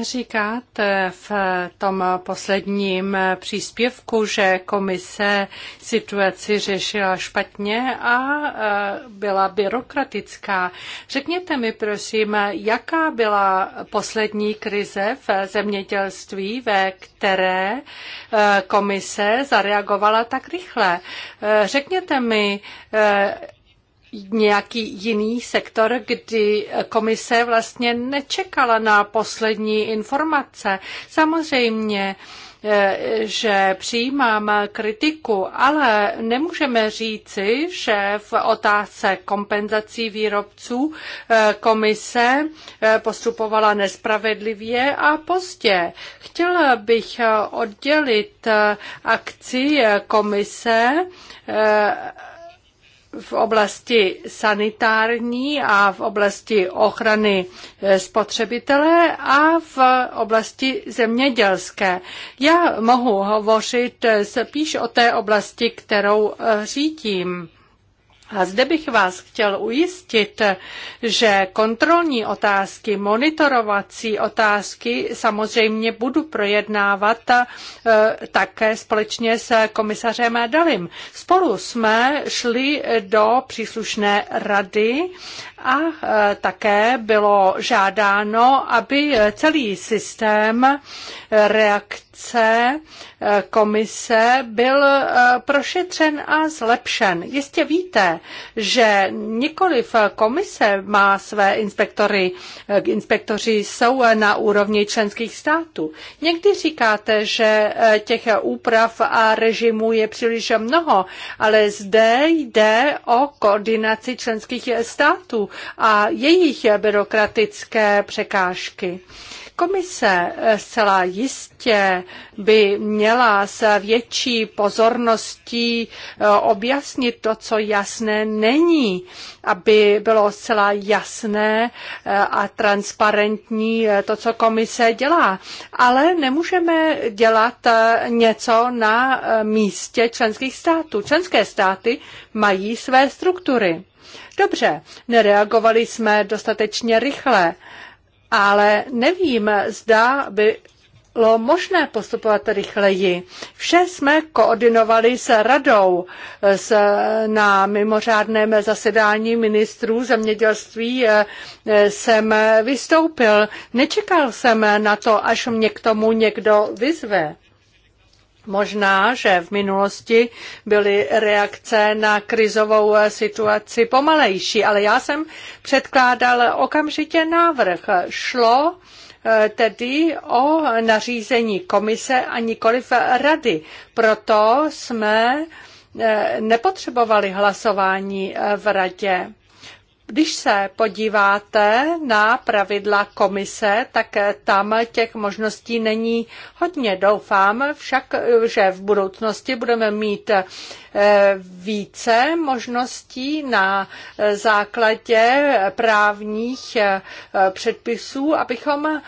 Říkáte v tom posledním příspěvku, že komise situaci řešila špatně a e, byla byrokratická. Řekněte mi prosím, jaká byla poslední krize v zemědělství, ve které e, komise zareagovala tak rychle? E, řekněte mi, nějaký jiný sektor, kdy komise vlastně nečekala na poslední informace. Samozřejmě, eh, že přijímám kritiku, ale nemůžeme říci, že v otázce kompenzací výrobců eh, komise eh, postupovala nespravedlivě a pozdě. Chtěla bych oddělit akci komise v oblasti sanitární a v oblasti ochrany e, spotřebitele a v oblasti zemědělské. Já mohu hovořit e, spíš o té oblasti, kterou e, řídím. A zde bych vás chtěl ujistit, že kontrolní otázky, monitorovací otázky samozřejmě budu projednávat eh, také společně s komisařem Dalim. Spolu jsme šli do příslušné rady a e, také bylo žádáno, aby e, celý systém e, reakce komise byl prošetřen a zlepšen. Jistě víte, že nikoliv komise má své inspektory, inspektoři jsou na úrovni členských států. Někdy říkáte, že těch úprav a režimů je příliš mnoho, ale zde jde o koordinaci členských států a jejich byrokratické překážky. Komise eh, zcela jistě by měla s větší pozorností eh, objasnit to, co jasné není, aby bylo zcela jasné eh, a transparentní to, co komise dělá. Ale nemůžeme dělat něco na místě členských států. Členské státy mají své struktury. Dobře, nereagovali jsme dostatečně rychle, ale nevím, zda by bylo možné postupovat rychleji. Vše jsme koordinovali s radou s, na mimořádném zasedání ministrů zemědělství eh, jsem vystoupil. Nečekal jsem na to, až mě k tomu někdo vyzve. Možná, že v minulosti byly reakce na krizovou situaci pomalejší, ale já jsem předkládal okamžitě návrh. Šlo eh, tedy o nařízení komise a nikoliv rady. Proto jsme eh, nepotřebovali hlasování v radě. Když se podíváte na pravidla komise, tak tam těch možností není hodně. Doufám však, že v budoucnosti budeme mít eh, více možností na základě právních eh, předpisů, abychom eh,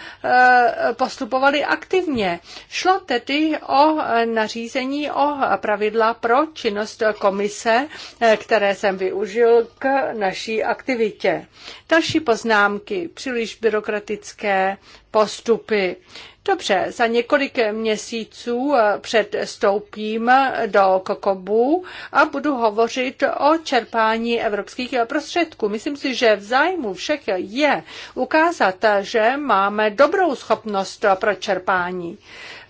postupovali aktivně. Šlo tedy o nařízení o pravidla pro činnost komise, které jsem využil k naší aktivitě efektivitě. Další poznámky, příliš byrokratické postupy. Dobře, za několik měsíců eh, předstoupím eh, do Kokobu a budu hovořit o čerpání evropských prostředků. Myslím si, že v zájmu všech je ukázat, eh, že máme dobrou schopnost pro čerpání.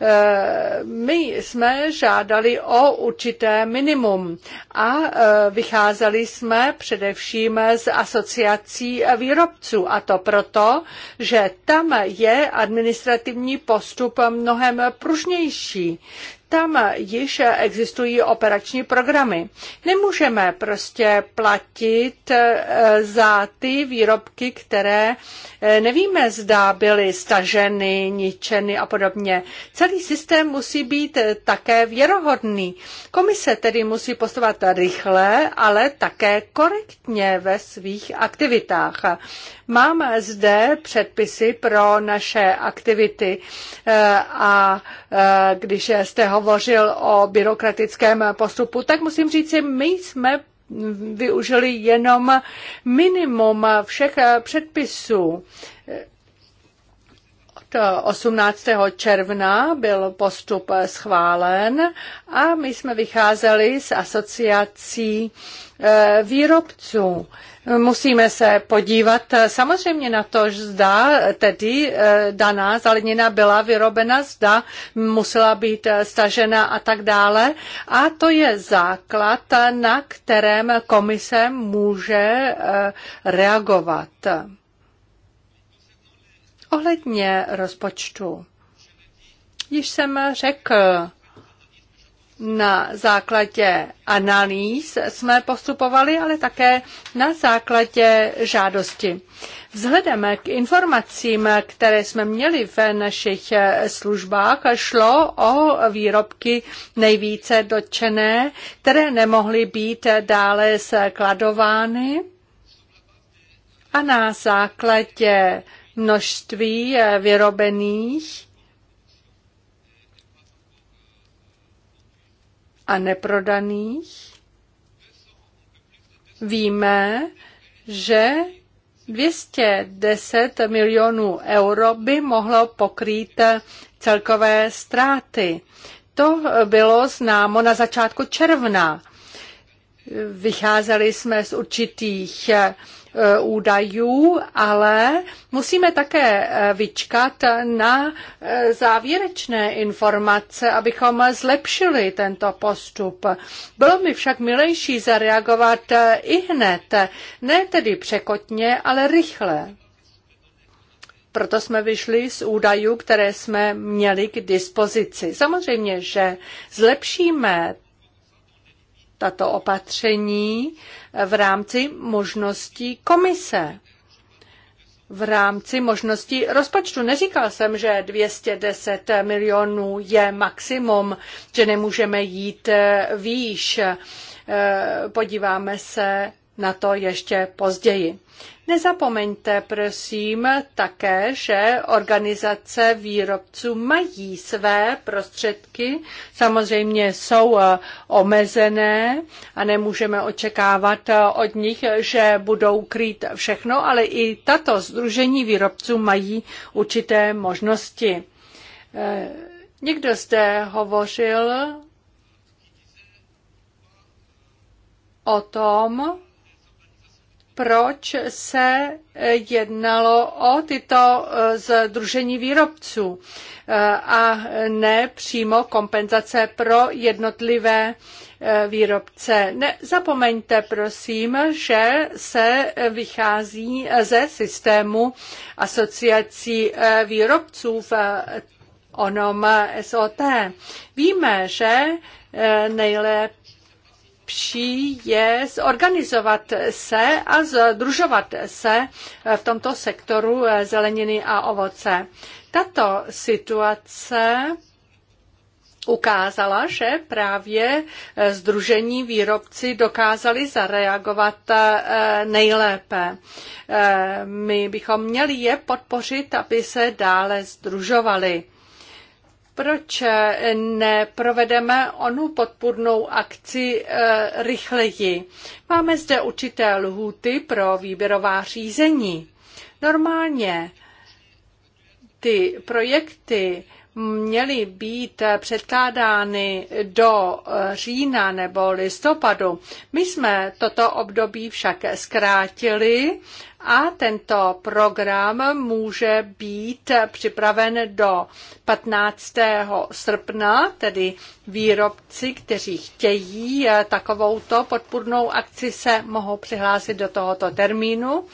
Eh, my jsme žádali o určité minimum a eh, vycházeli jsme především z asociací výrobců a to proto, že tam je administrativní postup mnohem pružnější tam již existují operační programy. Nemůžeme prostě platit eh, za ty výrobky, které eh, nevíme, zda byly staženy, ničeny a podobně. Celý systém musí být eh, také věrohodný. Komise tedy musí postovat rychle, ale také korektně ve svých aktivitách. Mám zde předpisy pro naše aktivity eh, a eh, když jste hovořil o byrokratickém postupu, tak musím říci, my jsme využili jenom minimum všech předpisů. 18. června byl postup schválen a my jsme vycházeli z asociací E, výrobců. Musíme se podívat e, samozřejmě na to, zda tedy e, daná zelenina byla vyrobena, zda musela být stažena a tak dále. A to je základ, na kterém komise může reagovat. Ohledně rozpočtu. Již jsem řekl, na základě analýz jsme postupovali, ale také na základě žádosti. Vzhledem k informacím, které jsme měli v našich službách, šlo o výrobky nejvíce dotčené, které nemohly být dále skladovány a na základě množství vyrobených a neprodaných víme, že 210 milionů euro by mohlo pokrýt celkové ztráty. To bylo známo na začátku června. Vycházeli jsme z určitých Eh, údajů, ale musíme také eh, vyčkat na eh, závěrečné informace, abychom zlepšili tento postup. Bylo mi však milejší zareagovat i hned, ne tedy překotně, ale rychle. Proto jsme vyšli z údajů, které jsme měli k dispozici. Samozřejmě, že zlepšíme tato opatření, v rámci možností komise v rámci možností rozpočtu. Neříkal jsem, že 210 milionů je maximum, že nemůžeme jít eh, výš. Eh, podíváme se na to ještě později. Nezapomeňte, prosím, také, že organizace výrobců mají své prostředky. Samozřejmě jsou eh, omezené a nemůžeme očekávat eh, od nich, že budou krýt všechno, ale i tato združení výrobců mají určité možnosti. Eh, někdo zde hovořil o tom, proč se eh, jednalo o tyto združení eh, výrobců eh, a ne přímo kompenzace pro jednotlivé výrobce. Nezapomeňte prosím, že se vychází ze systému asociací výrobců v onom SOT. Víme, že nejlépe lepší je zorganizovat se a združovat se v tomto sektoru eh, zeleniny a ovoce. Tato situace ukázala, že právě eh, združení výrobci dokázali zareagovat eh, nejlépe. My bychom měli je podpořit, aby se dále združovali. Proč eh, neprovedeme onu podpůrnou akci eh, rychleji? Máme zde určité lhůty pro výběrová řízení. Normálně ty projekty měly být předkládány do eh, října nebo listopadu. My jsme toto období však zkrátili a tento program může být připraven do 15. srpna, tedy výrobci, kteří chtějí eh, takovouto podpůrnou akci, se mohou přihlásit do tohoto termínu.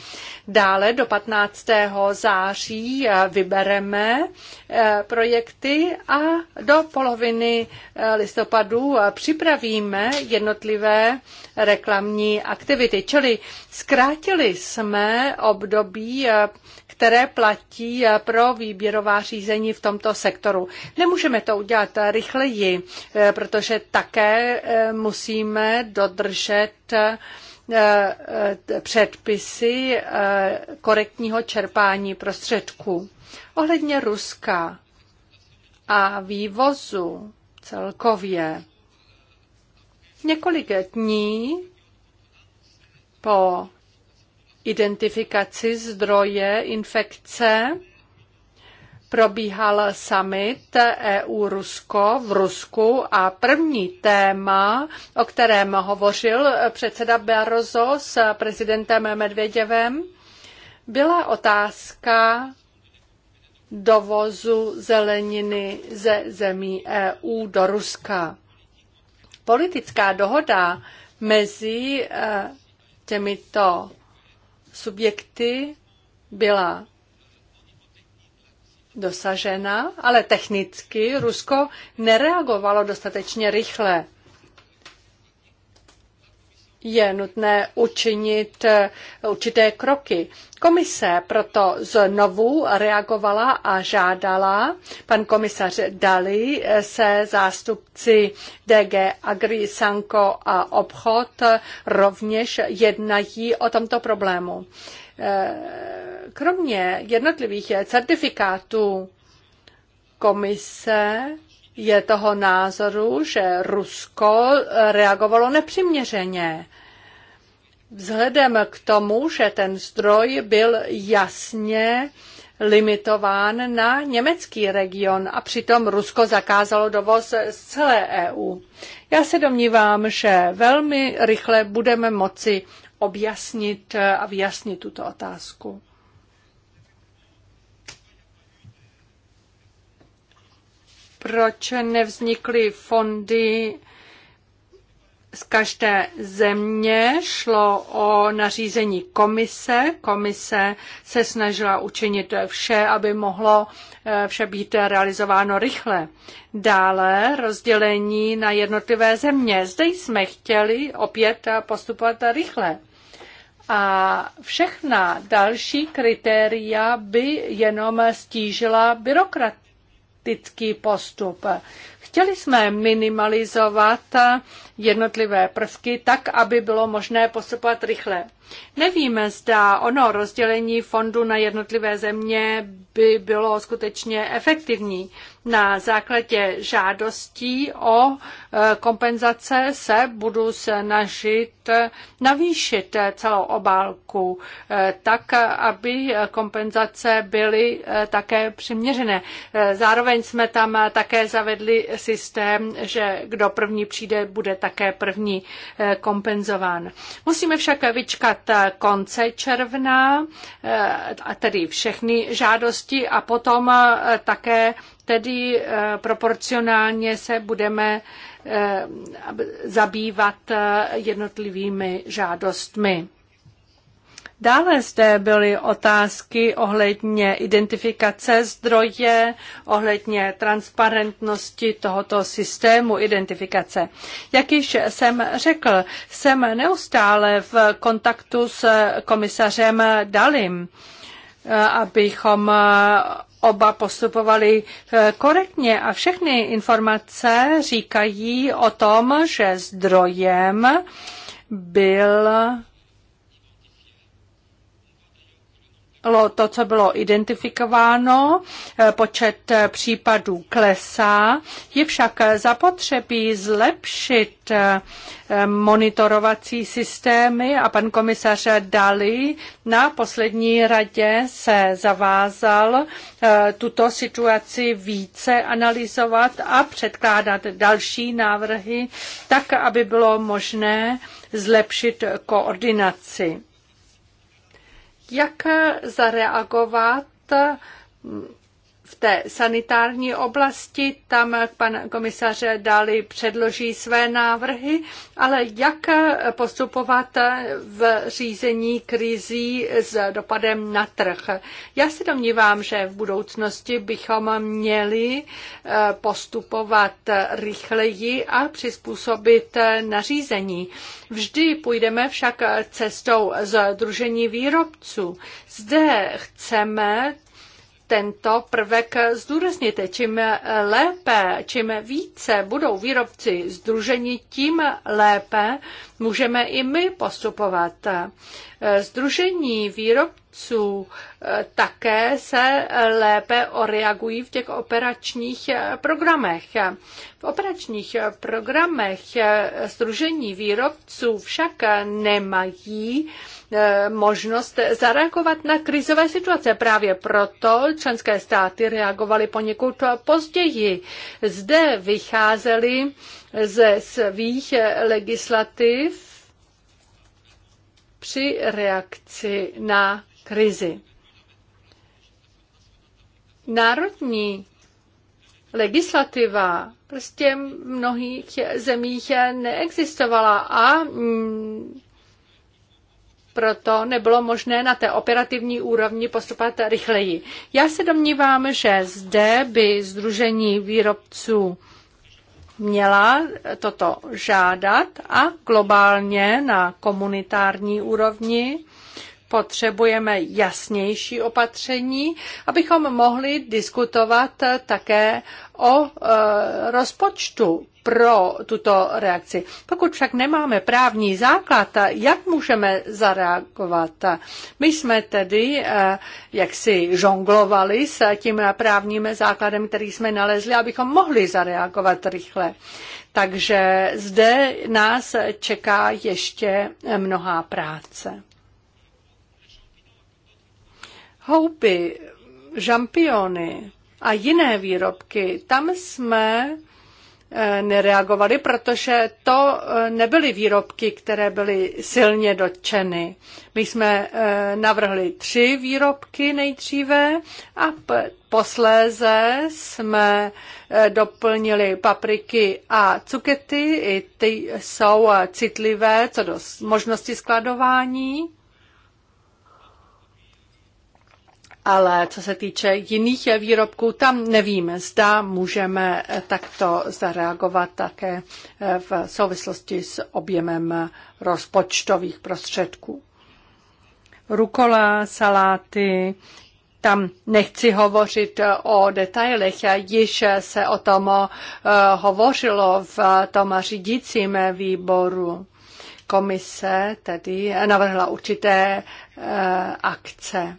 Dále do 15. září eh, vybereme eh, projekty a do poloviny eh, listopadu připravíme jednotlivé reklamní aktivity. Čili zkrátili jsme období které platí pro výběrová řízení v tomto sektoru. Nemůžeme to udělat rychleji, protože také musíme dodržet Eh, předpisy eh, korektního čerpání prostředků. Ohledně Ruska a vývozu celkově několik dní po identifikaci zdroje infekce probíhal summit EU-Rusko v Rusku a první téma, o kterém hovořil předseda Barroso s prezidentem Medvěděvem, byla otázka dovozu zeleniny ze zemí EU do Ruska. Politická dohoda mezi eh, těmito subjekty byla dosažena, ale technicky Rusko nereagovalo dostatečně rychle. Je nutné učinit eh, určité kroky. Komise proto znovu reagovala a žádala. Pan komisař Dali eh, se zástupci DG Agri, Sanko a obchod eh, rovněž jednají o tomto problému. Eh, kromě jednotlivých certifikátů komise je toho názoru, že Rusko reagovalo nepřiměřeně. Vzhledem k tomu, že ten zdroj byl jasně limitován na německý region a přitom Rusko zakázalo dovoz z celé EU. Já se domnívám, že velmi rychle budeme moci objasnit a vyjasnit tuto otázku. Proč nevznikly fondy z každé země šlo o nařízení komise. Komise se snažila učinit vše, aby mohlo eh, vše být realizováno rychle. Dále rozdělení na jednotlivé země. Zde jsme chtěli opět postupovat rychle a všechna další kritéria by jenom stížila byrokratický postup. Chtěli jsme minimalizovat jednotlivé prvky tak, aby bylo možné postupovat rychle. Nevím, zda ono rozdělení fondu na jednotlivé země by bylo skutečně efektivní. Na základě žádostí o e, kompenzace se budu snažit navýšit celou obálku e, tak, aby kompenzace byly e, také přiměřené. Zároveň jsme tam také zavedli systém, že kdo první přijde, bude také první kompenzován. Musíme však vyčkat Eh, konce června, eh, tedy všechny žádosti a potom eh, také tedy proporcionálně se budeme zabývat jednotlivými žádostmi. Dále zde byly otázky ohledně identifikace zdroje, ohledně transparentnosti tohoto systému identifikace. Jak již jsem řekl, jsem neustále v kontaktu s komisařem Dalim, abychom oba postupovali eh, korektně a všechny informace říkají o tom, že zdrojem byl to, co bylo identifikováno, eh, počet eh, případů klesá. Je však eh, zapotřebí zlepšit monitorovací systémy a pan komisař Dali na poslední radě se zavázal tuto situaci více analyzovat a předkládat další návrhy, tak aby bylo možné zlepšit koordinaci jak zareagovat v té sanitární oblasti. Tam pan komisař dali předloží své návrhy, ale jak postupovat v řízení krizí s dopadem na trh. Já se domnívám, že v budoucnosti bychom měli eh, postupovat rychleji a přizpůsobit nařízení. Vždy půjdeme však cestou združení výrobců. Zde chceme tento prvek zdůraznit. Čím lépe, čím více budou výrobci združeni, tím lépe můžeme i my postupovat. Združení výrobců eh, také se lépe reagují v těch operačních programech. V operačních programech eh, združení výrobců však nemají Eh, možnost zareagovat na krizové situace. Právě proto členské státy reagovaly poněkud později. Zde vycházely ze svých legislativ při reakci na krizi. Národní legislativa prostě v mnohých zemích neexistovala a mm, proto nebylo možné na té operativní úrovni postupovat rychleji. Já se domnívám, že zde by Združení výrobců měla toto žádat a globálně na komunitární úrovni potřebujeme jasnější opatření, abychom mohli diskutovat také o e, rozpočtu pro tuto reakci. Pokud však nemáme právní základ, jak můžeme zareagovat? My jsme tedy e, jak si žonglovali s tím právním základem, který jsme nalezli, abychom mohli zareagovat rychle. Takže zde nás čeká ještě mnohá práce houby, žampiony a jiné výrobky, tam jsme eh, nereagovali, protože to eh, nebyly výrobky, které byly silně dotčeny. My jsme eh, navrhli tři výrobky nejdříve a posléze jsme doplnili papriky a cukety. I ty jsou citlivé co do možnosti skladování. ale co se týče jiných výrobků, tam nevím, zda můžeme takto zareagovat také eh, v souvislosti s objemem rozpočtových prostředků. Rukola, saláty, tam nechci hovořit eh, o detailech, již se o tom eh, hovořilo v tom řídícím výboru. Komise tedy navrhla určité akce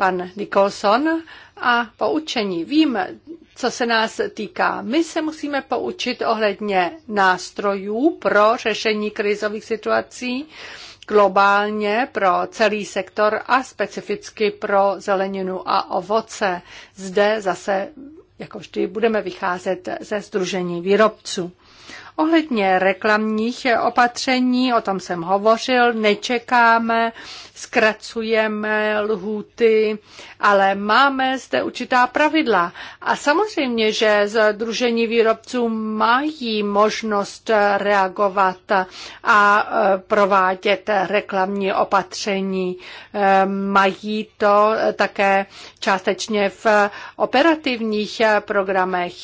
pan Nicholson a poučení. Vím, co se nás týká. My se musíme poučit ohledně nástrojů pro řešení krizových situací globálně pro celý sektor a specificky pro zeleninu a ovoce. Zde zase, jako vždy, budeme vycházet ze Združení výrobců. Ohledně reklamních opatření, o tom jsem hovořil, nečekáme, zkracujeme lhuty, ale máme zde určitá pravidla. A samozřejmě, že Združení výrobců mají možnost reagovat a e, provádět reklamní opatření. E, mají to také částečně v operativních e, programech.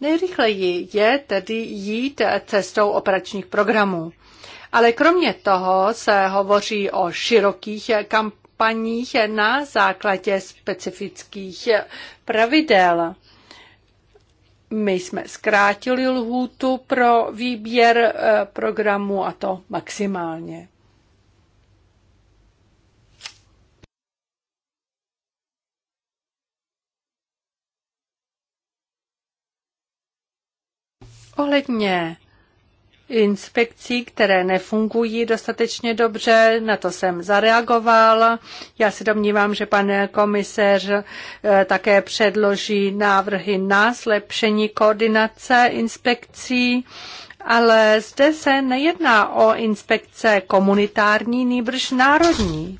Nejrychleji je tedy jít cestou operačních programů. Ale kromě toho se hovoří o širokých kampaních na základě specifických pravidel. My jsme zkrátili lhůtu pro výběr eh, programu a to maximálně. Ohledně inspekcí, které nefungují dostatečně dobře. Na to jsem zareagoval. Já se domnívám, že pan komisař eh, také předloží návrhy na zlepšení koordinace inspekcí. Ale zde se nejedná o inspekce komunitární, nýbrž národní.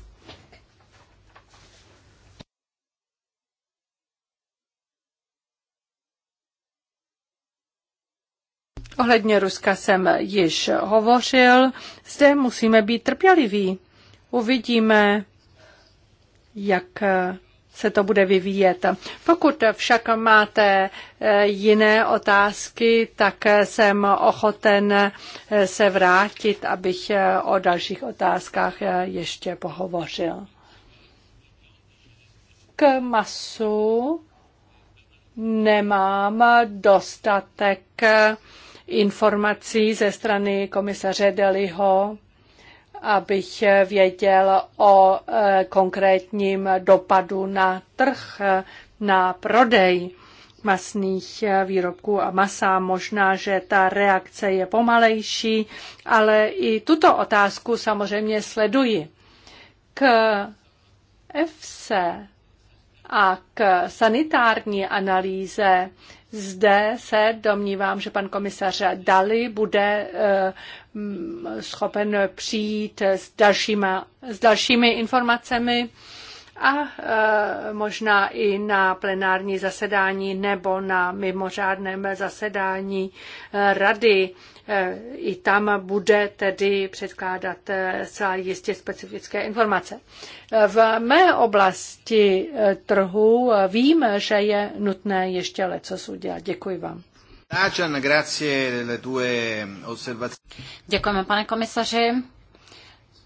Ohledně Ruska jsem již hovořil. Zde musíme být trpěliví. Uvidíme, jak se to bude vyvíjet. Pokud však máte eh, jiné otázky, tak jsem ochoten eh, se vrátit, abych eh, o dalších otázkách ještě pohovořil. K masu nemám dostatek informací ze strany komisaře Deliho, abych věděl o e, konkrétním dopadu na trh, na prodej masných e, výrobků a masa. Možná, že ta reakce je pomalejší, ale i tuto otázku samozřejmě sleduji. K EFSE a k sanitární analýze zde se domnívám, že pan komisař Dali bude eh, mm, schopen přijít s, dalšíma, s dalšími informacemi a eh, možná i na plenární zasedání nebo na mimořádném zasedání eh, rady i tam bude tedy předkládat eh, zcela jistě specifické informace. V mé oblasti eh, trhu eh, vím, že je nutné ještě lecos udělat. Děkuji vám. Děkujeme, pane komisaři.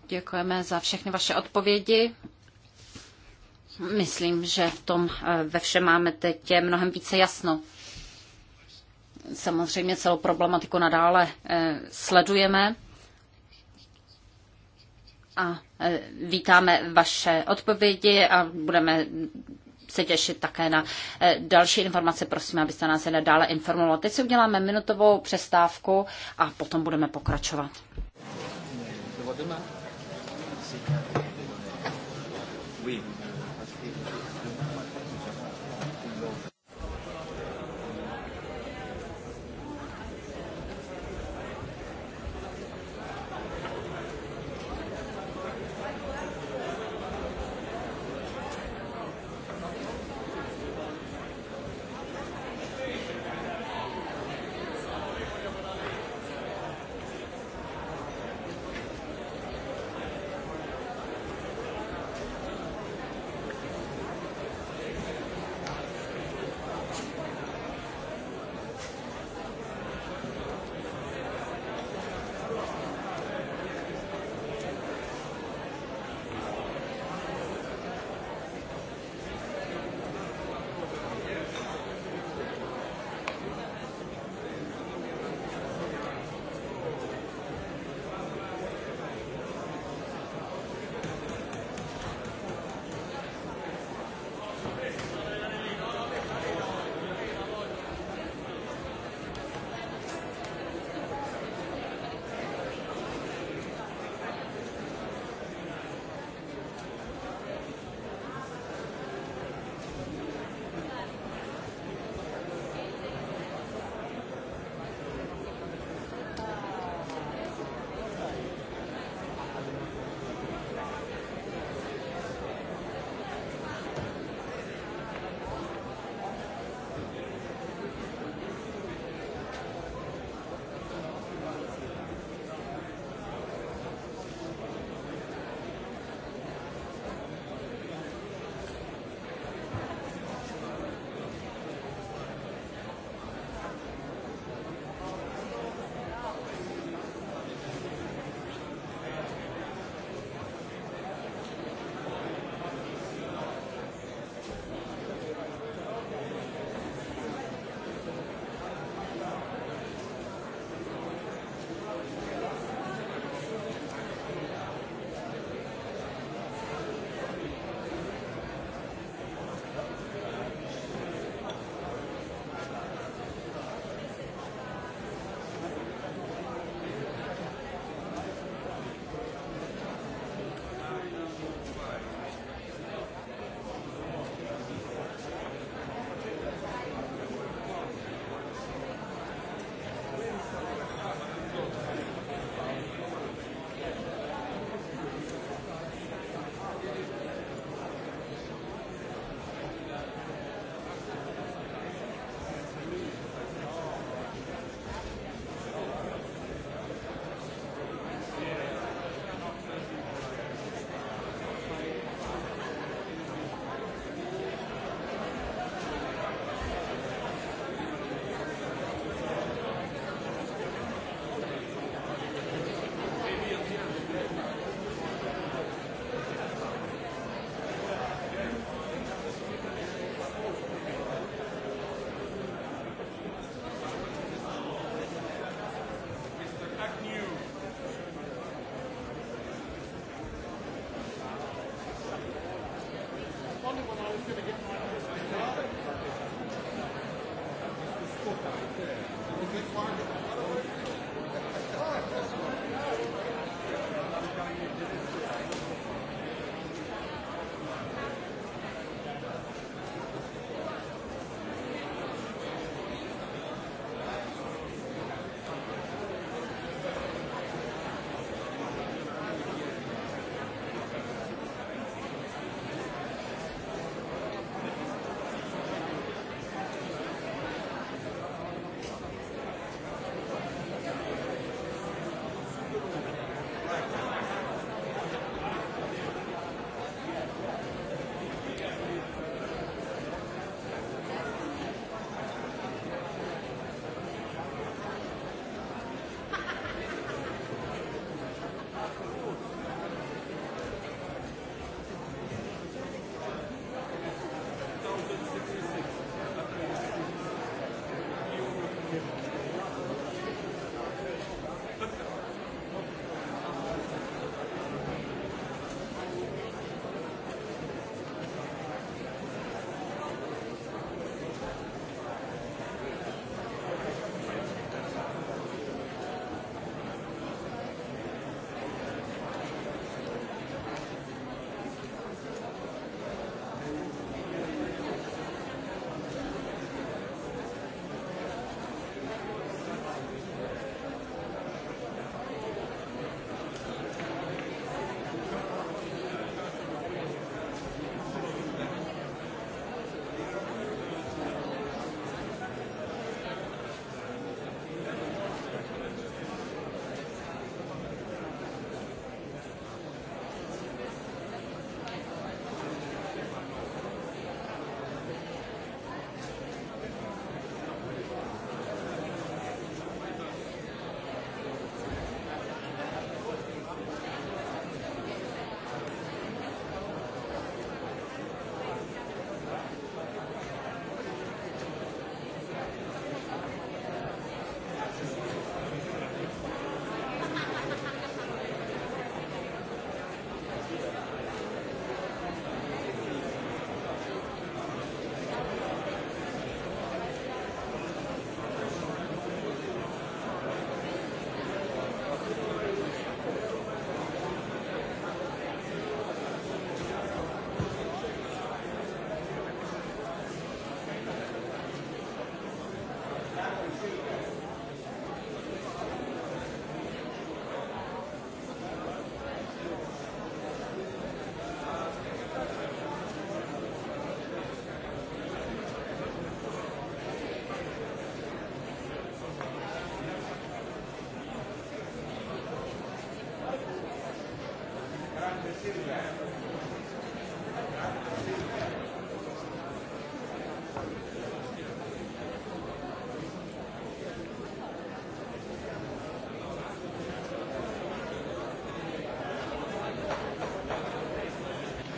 Děkujeme za všechny vaše odpovědi. Myslím, že v tom ve všem máme teď mnohem více jasno samozřejmě celou problematiku nadále eh, sledujeme a eh, vítáme vaše odpovědi a budeme se těšit také na eh, další informace. Prosím, abyste nás je nadále informoval. Teď si uděláme minutovou přestávku a potom budeme pokračovat. Dovodíme.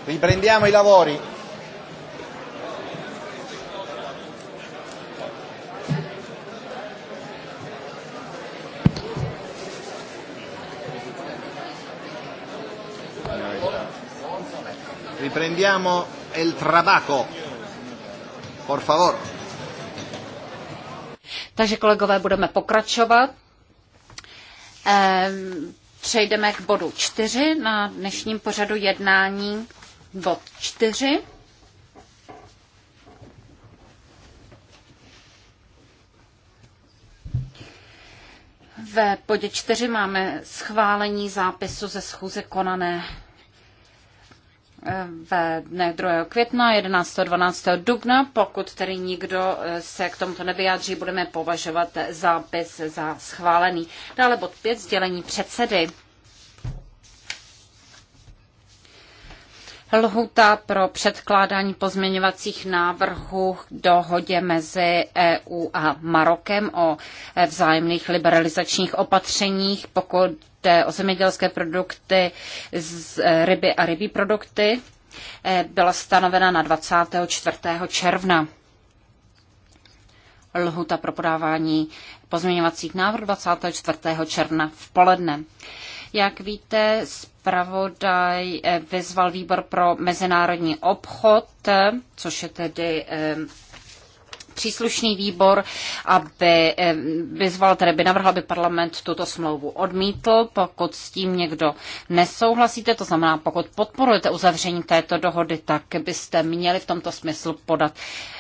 Riprendiamo i lavori. Riprendiamo il trabaco. Por favor. Takže kolegové, budeme pokračovat. Ehm, přejdeme k bodu čtyři na dnešním pořadu jednání bod 4. Ve bodě 4 máme schválení zápisu ze schůze konané eh, ve dne 2. května, 11. 12. dubna. Pokud tedy nikdo eh, se k tomuto nevyjádří, budeme považovat zápis za schválený. Dále bod 5, sdělení předsedy. Lhuta pro předkládání pozměňovacích návrhů k dohodě mezi EU a Marokem o vzájemných liberalizačních opatřeních, pokud jde o zemědělské produkty z ryby a rybí produkty, e, byla stanovena na 24. června. Lhuta pro podávání pozměňovacích návrhů 24. června v poledne. Jak víte, z zpravodaj eh, vyzval výbor pro mezinárodní obchod, eh, což je tedy eh, příslušný výbor, aby eh, vyzval, tedy by navrhl, aby parlament tuto smlouvu odmítl, pokud s tím někdo nesouhlasíte, to znamená, pokud podporujete uzavření této dohody, tak byste měli v tomto smyslu podat,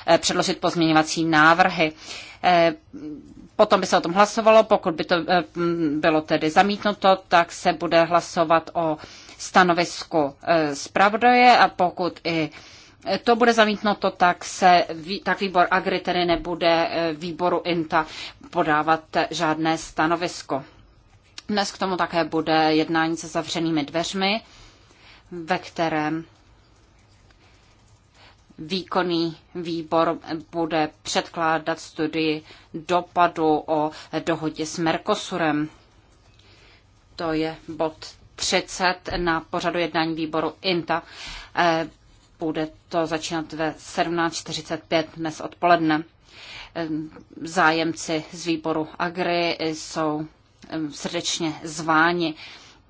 eh, předložit pozměňovací návrhy. Eh, potom by se o tom hlasovalo, pokud by to bylo tedy zamítnuto, tak se bude hlasovat o stanovisku zpravodaje a pokud i to bude zamítnuto, tak, se, tak výbor Agri tedy nebude eh, výboru INTA podávat žádné stanovisko. Dnes k tomu také bude jednání se zavřenými dveřmi, ve kterém výkonný výbor bude předkládat studii dopadu o dohodě s Mercosurem. To je bod 30 na pořadu jednání výboru INTA. Eh, bude to začínat ve 17.45 dnes odpoledne. Ehm, zájemci z výboru Agri jsou ehm, srdečně zváni,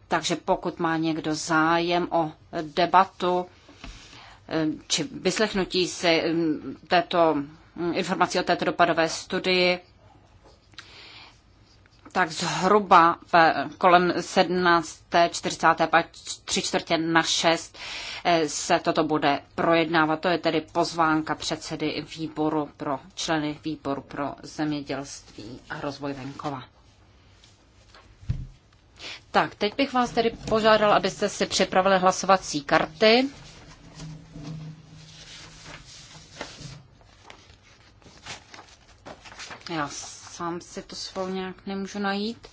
takže pokud má někdo zájem o debatu ehm, či vyslechnutí si této informací o této dopadové studii, tak zhruba v, kolem 17.45, 3 čtvrtě na 6 eh, se toto bude projednávat. To je tedy pozvánka předsedy výboru pro členy výboru pro zemědělství a rozvoj venkova. Tak, teď bych vás tedy požádal, abyste si připravili hlasovací karty. Já sám si to svou nějak nemůžu najít.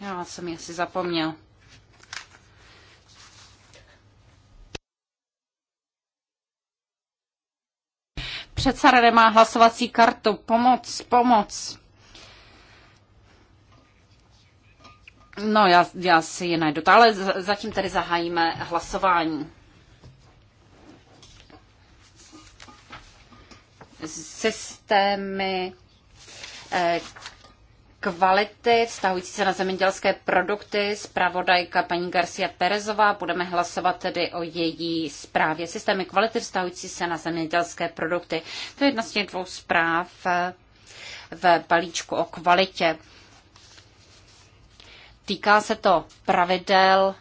Já jsem ji asi zapomněl. Předseda nemá hlasovací kartu. Pomoc, pomoc. No, já, já si je najdu. Ale zatím tady zahájíme hlasování. systémy eh, kvality vztahující se na zemědělské produkty. Zpravodajka paní Garcia Perezová. Budeme hlasovat tedy o její zprávě. Systémy kvality vztahující se na zemědělské produkty. To je jedna z těch dvou zpráv eh, v balíčku o kvalitě. Týká se to pravidel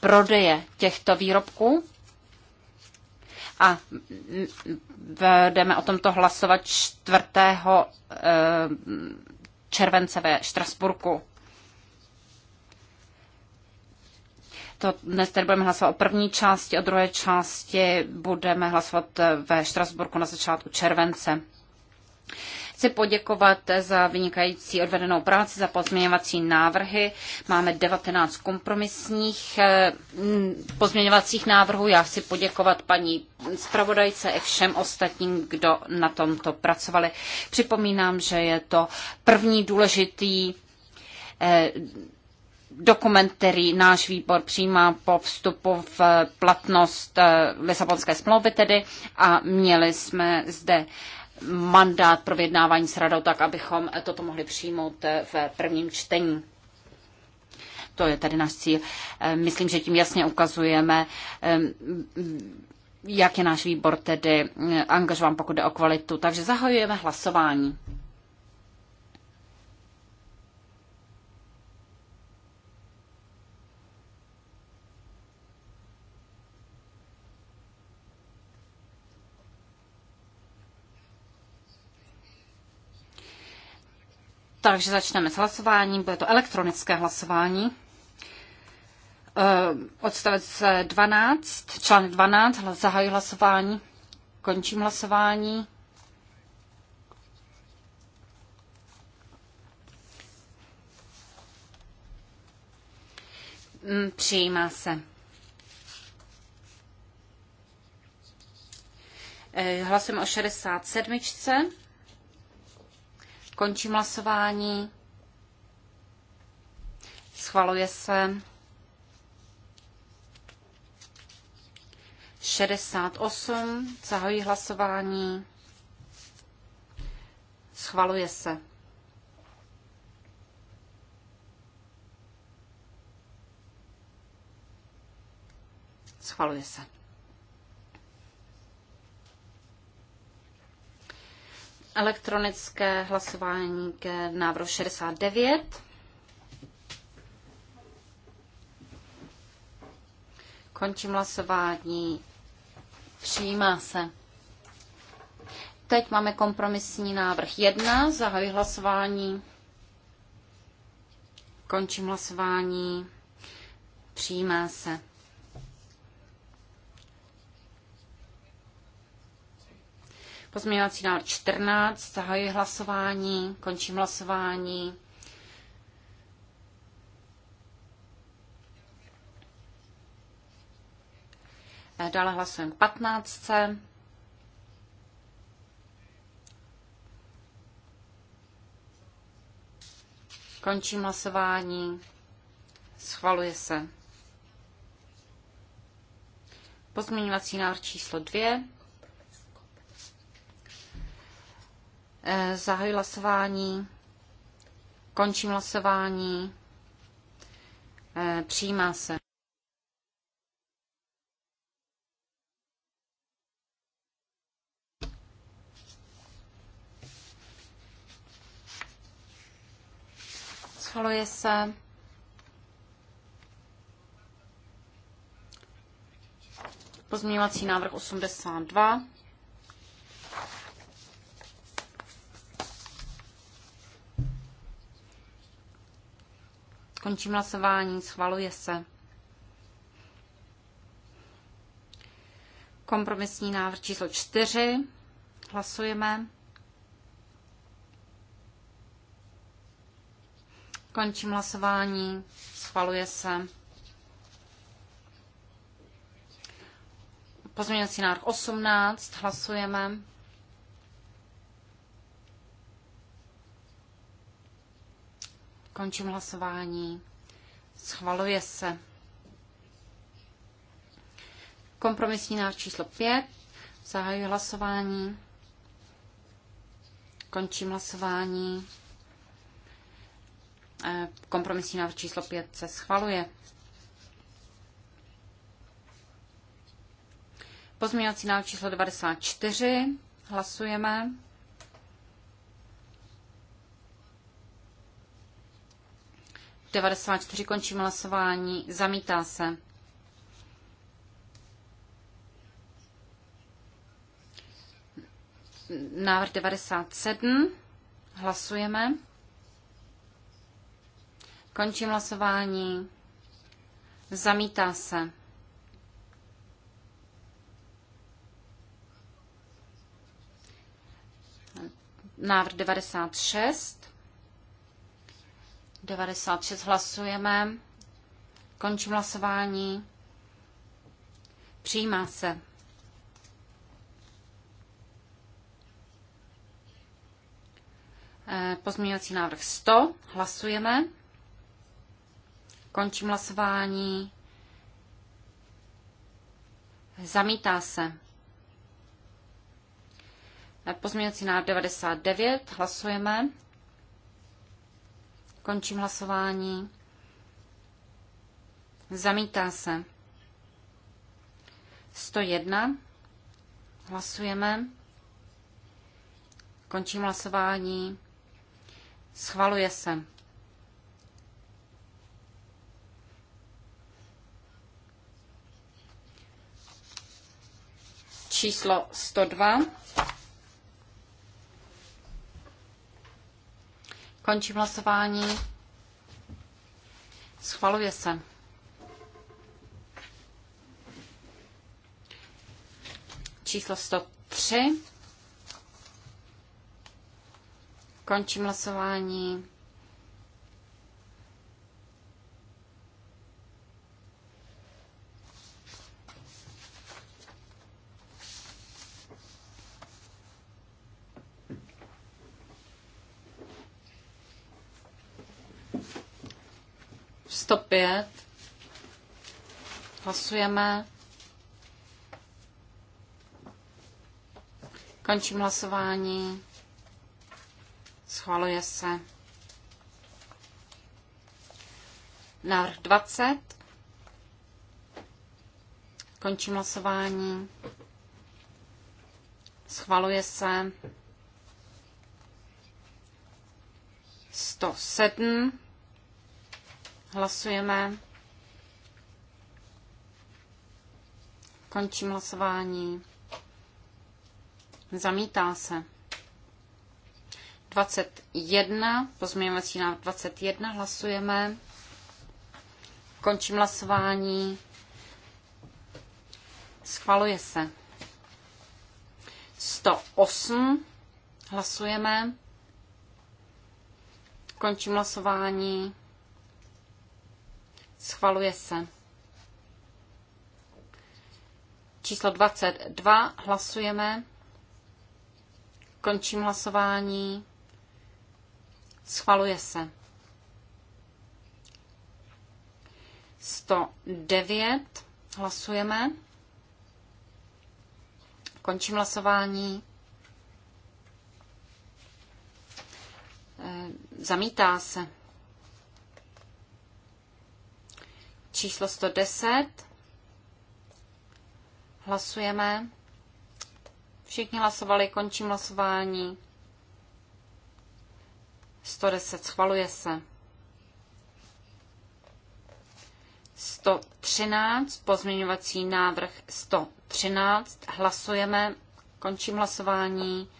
prodeje těchto výrobků a budeme o tomto hlasovat 4. Eh, července ve Štrasburku. To dnes tedy budeme hlasovat o první části, o druhé části budeme hlasovat eh, ve Štrasburku na začátku července. Chci poděkovat za vynikající odvedenou práci, za pozměňovací návrhy. Máme 19 kompromisních eh, pozměňovacích návrhů. Já chci poděkovat paní zpravodajce i všem ostatním, kdo na tomto pracovali. Připomínám, že je to první důležitý eh, dokument, který náš výbor přijímá po vstupu v platnost eh, Lisabonské smlouvy tedy a měli jsme zde mandát pro vyjednávání s radou, tak abychom toto mohli přijmout v prvním čtení. To je tady náš cíl. Eh, myslím, že tím jasně ukazujeme, eh, jak je náš výbor tedy eh, angažován, pokud jde o kvalitu. Takže zahajujeme hlasování. Takže začneme s hlasováním, bude to elektronické hlasování. Eh, odstavec 12, článek 12, zahajuji hlasování, končím hlasování. Mm, přijímá se. Eh, hlasujeme o 67. Končím hlasování. Schvaluje se 68. Zahojí hlasování. Schvaluje se. Schvaluje se. Elektronické hlasování k návrhu 69. Končím hlasování. Přijímá se. Teď máme kompromisní návrh 1. Zahajuji hlasování. Končím hlasování. Přijímá se. Pozměňovací návrh 14, zahajuji hlasování, končím hlasování. Eh, dále hlasujeme k 15. Končím hlasování. Schvaluje se. Pozměňovací návrh číslo 2. Eh, zahajuji hlasování. Končím hlasování. Eh, přijímá se. Schvaluje se. Pozměňovací návrh 82. Končím hlasování, schvaluje se. Kompromisní návrh číslo čtyři. Hlasujeme. Končím hlasování. Schvaluje se. Pozměňovací návrh 18. Hlasujeme. Končím hlasování. Schvaluje se. Kompromisní návrh číslo 5. Zahajuji hlasování. Končím hlasování. Eh, kompromisní návrh číslo 5 se schvaluje. Pozměňovací návrh číslo 94. Hlasujeme. 94 končím hlasování. Zamítá se. Návrh 97. Hlasujeme. Končím hlasování. Zamítá se. Návrh 96. 96 hlasujeme. Končím hlasování. Přijímá se. Eh, pozměňovací návrh 100. Hlasujeme. Končím hlasování. Zamítá se. Eh, pozměňovací návrh 99. Hlasujeme. Končím hlasování. Zamítá se. 101. Hlasujeme. Končím hlasování. Schvaluje se. Číslo 102. Končím hlasování. Schvaluje se. Číslo 103. Končím hlasování. 105. Hlasujeme. Končím hlasování. Schvaluje se. Návrh 20. Končím hlasování. Schvaluje se. 107. Hlasujeme. Končím hlasování. Zamítá se. 21, pozměňovací návrh 21, hlasujeme. Končím hlasování. Schvaluje se. 108, hlasujeme. Končím hlasování. Schvaluje se. Číslo 22. Hlasujeme. Končím hlasování. Schvaluje se. 109. Hlasujeme. Končím hlasování. Eh, zamítá se. číslo 110. Hlasujeme. Všichni hlasovali, končím hlasování. 110 schvaluje se. 113, pozměňovací návrh 113, hlasujeme, končím hlasování.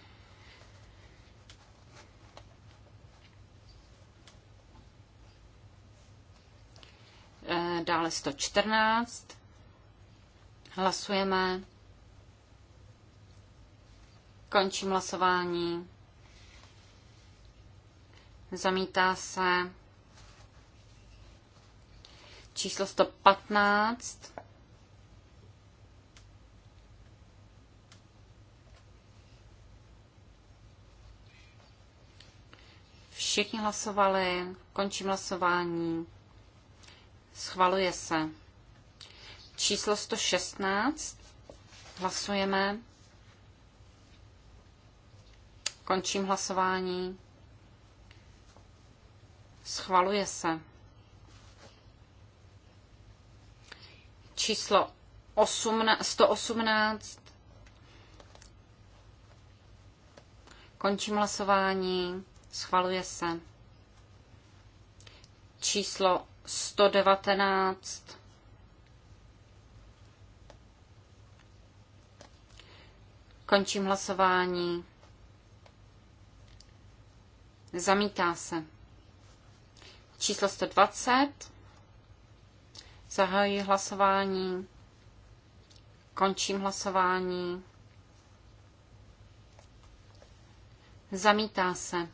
dále 114. Hlasujeme. Končím hlasování. Zamítá se číslo 115. Všichni hlasovali, končím hlasování. Schvaluje se. Číslo 116. Hlasujeme. Končím hlasování. Schvaluje se. Číslo 18, 118. Končím hlasování. Schvaluje se. Číslo 119. Končím hlasování. Zamítá se. Číslo 120. Zahajuji hlasování. Končím hlasování. Zamítá se.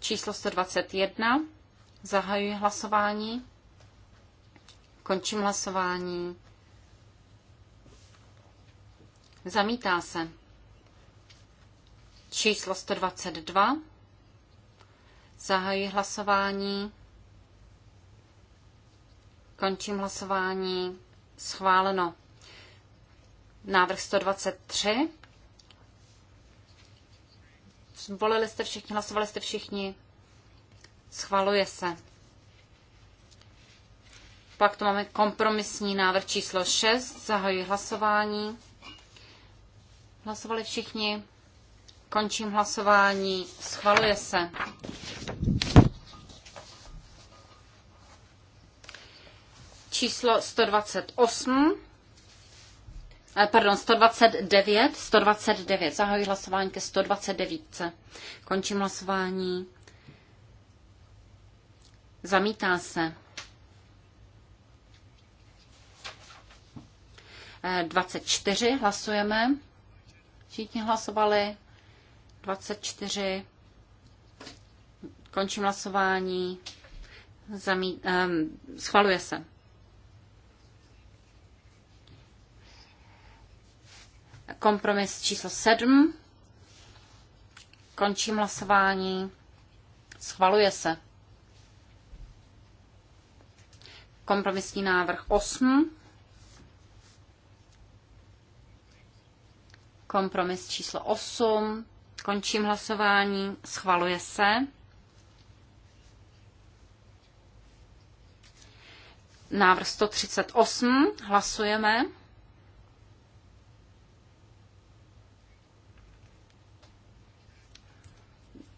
Číslo 121. Zahajuji hlasování. Končím hlasování. Zamítá se. Číslo 122. Zahajuji hlasování. Končím hlasování. Schváleno. Návrh 123. Volili jste všichni, hlasovali jste všichni. Schvaluje se. Pak tu máme kompromisní návrh číslo 6. Zahajuji hlasování. Hlasovali všichni. Končím hlasování. Schvaluje se. Číslo 128. Eh, pardon, 129. 129. Zahajuji hlasování ke 129. Končím hlasování. Zamítá se. 24 eh, hlasujeme. Všichni hlasovali. 24. Končím hlasování. Zamí, um, schvaluje se. Kompromis číslo 7. Končím hlasování. Schvaluje se. kompromisní návrh 8, kompromis číslo 8, končím hlasování, schvaluje se. Návrh 138, hlasujeme.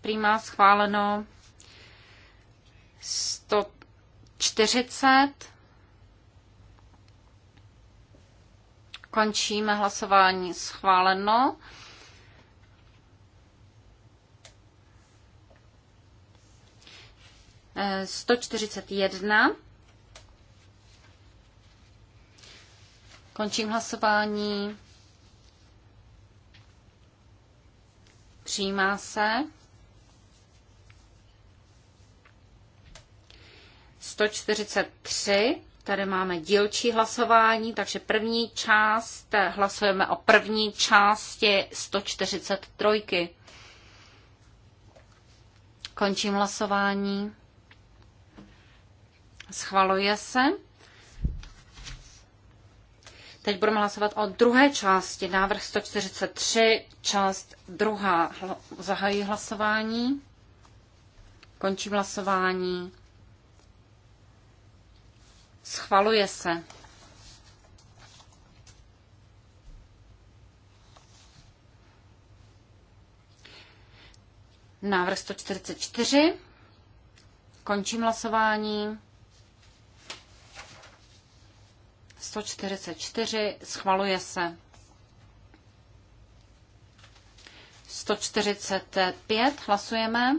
Prima schváleno 100. 40. Končíme hlasování schváleno. Eh, sto čtyřicet jedna. Končím hlasování. Přijímá se. 143. Tady máme dílčí hlasování, takže první část, eh, hlasujeme o první části 143. Končím hlasování. Schvaluje se. Teď budeme hlasovat o druhé části, návrh 143, část druhá. Zahajuji hlasování. Končím hlasování. Schvaluje se. Návrh 144. Končím hlasování. 144. Schvaluje se. 145. Hlasujeme.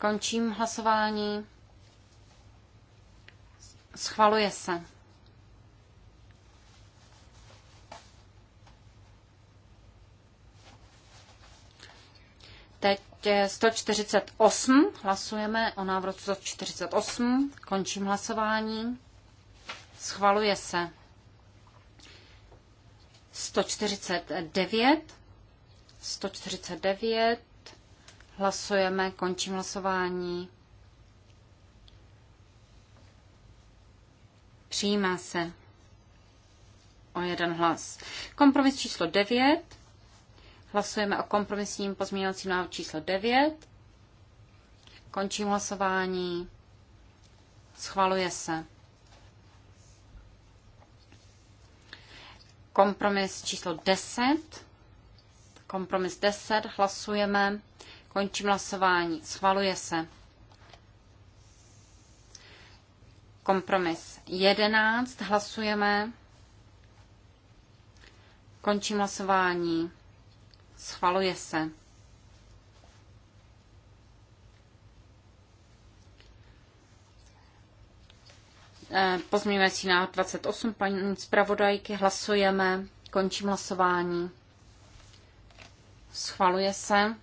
Končím hlasování. Schvaluje se. Teď 148. Hlasujeme o návrhu 148. Končím hlasování. Schvaluje se. 149. 149. Hlasujeme, končím hlasování. Přijímá se o jeden hlas. Kompromis číslo 9. Hlasujeme o kompromisním pozměňovacím návrhu číslo 9. Končím hlasování. Schvaluje se. Kompromis číslo 10. Kompromis 10. Hlasujeme. Končím hlasování. Schvaluje se. Kompromis 11. Hlasujeme. Končím hlasování. Schvaluje se. si na 28 paní zpravodajky. Hlasujeme. Končím hlasování. Schvaluje se.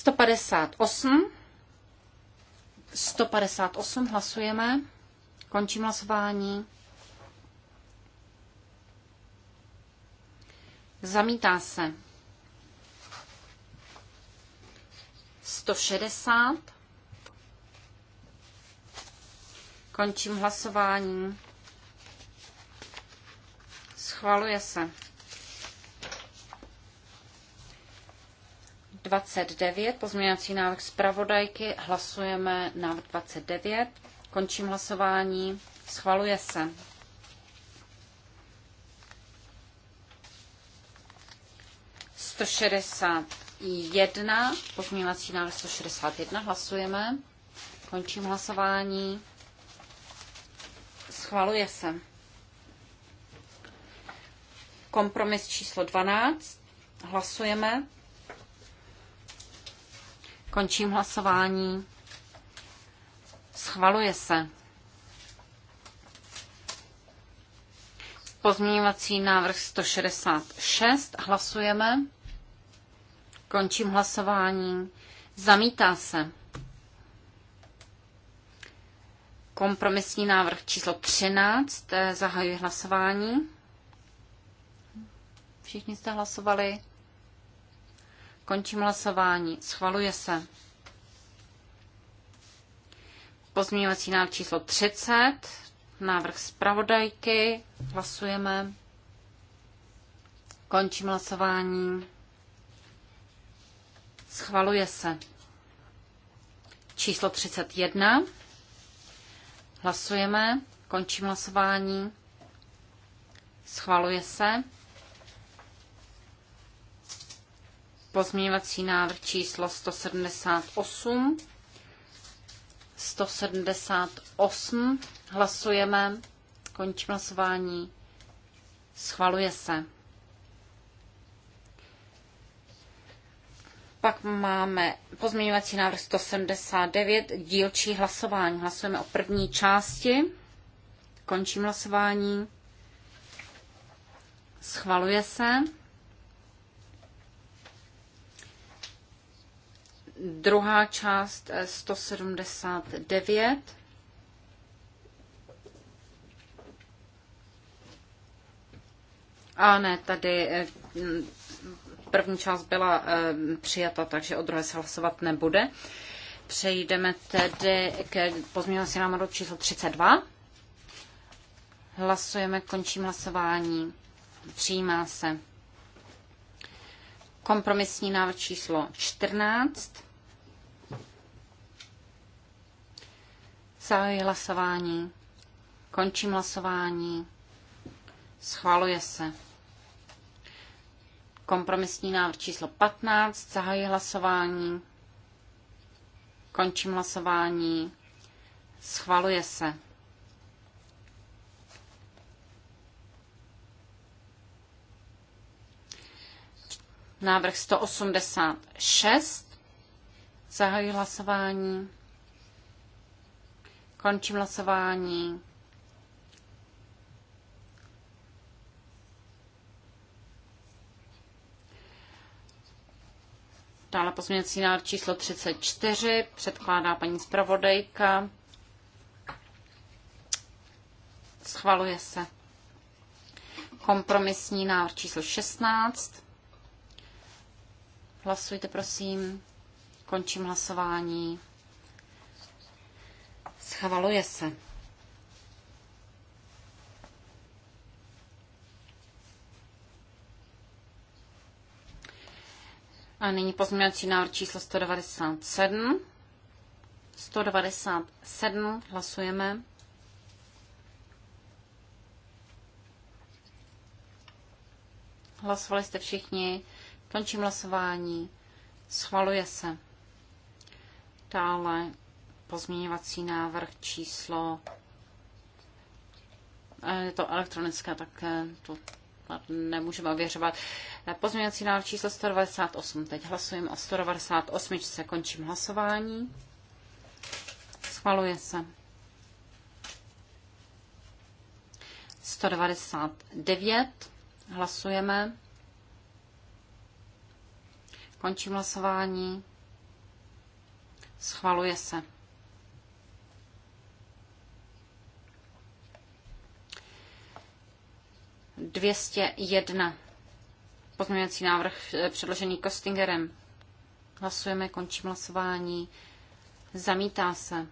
158. 158 hlasujeme. Končím hlasování. Zamítá se. 160. Končím hlasování. Schvaluje se. 29, pozměňovací návrh zpravodajky, hlasujeme návrh 29, končím hlasování, schvaluje se. Sto šedesát jedna, pozměňovací návrh 161, hlasujeme. Končím hlasování. Schvaluje se. Kompromis číslo 12. Hlasujeme. Končím hlasování. Schvaluje se. Pozměňovací návrh 166. Hlasujeme. Končím hlasování. Zamítá se. Kompromisní návrh číslo 13. Zahajuji hlasování. Všichni jste hlasovali. Končím hlasování. Schvaluje se. Pozměňovací návrh číslo 30. Návrh zpravodajky. Hlasujeme. Končím hlasování. Schvaluje se. Číslo 31. Hlasujeme. Končím hlasování. Schvaluje se. Pozměňovací návrh číslo 178. 178. Hlasujeme. Končím hlasování. Schvaluje se. Pak máme pozměňovací návrh 179, dílčí hlasování. Hlasujeme o první části. Končím hlasování. Schvaluje se. Druhá část 179. Eh, A ne, tady eh, mm, první část byla eh, přijata, takže o druhé se hlasovat nebude. Přejdeme tedy k pozměňovací návrhu číslo 32. Hlasujeme, končím hlasování. Přijímá se. Kompromisní návrh číslo 14. Zahajuji hlasování. Končím hlasování. Schvaluje se. Kompromisní návrh číslo 15. Zahajuji hlasování. Končím hlasování. Schvaluje se. Návrh 186. Zahajuji hlasování. Končím hlasování. Dále pozměňovací návrh číslo 34 předkládá paní zpravodajka. Schvaluje se kompromisní návrh číslo 16. Hlasujte, prosím. Končím hlasování. Schvaluje se. A nyní pozměňovací návrh číslo 197. 197 hlasujeme. Hlasovali jste všichni. Končím hlasování. Schvaluje se. Dále pozměňovací návrh číslo. Eh, je to elektronické, tak eh, to nemůžeme ověřovat. Eh, pozměňovací návrh číslo 198. Teď hlasujeme o 198. Končím hlasování. Schvaluje se. 199. Hlasujeme. Končím hlasování. Schvaluje se. 201. Pozměňovací návrh eh, předložený Kostingerem. Hlasujeme, končím hlasování. Zamítá se.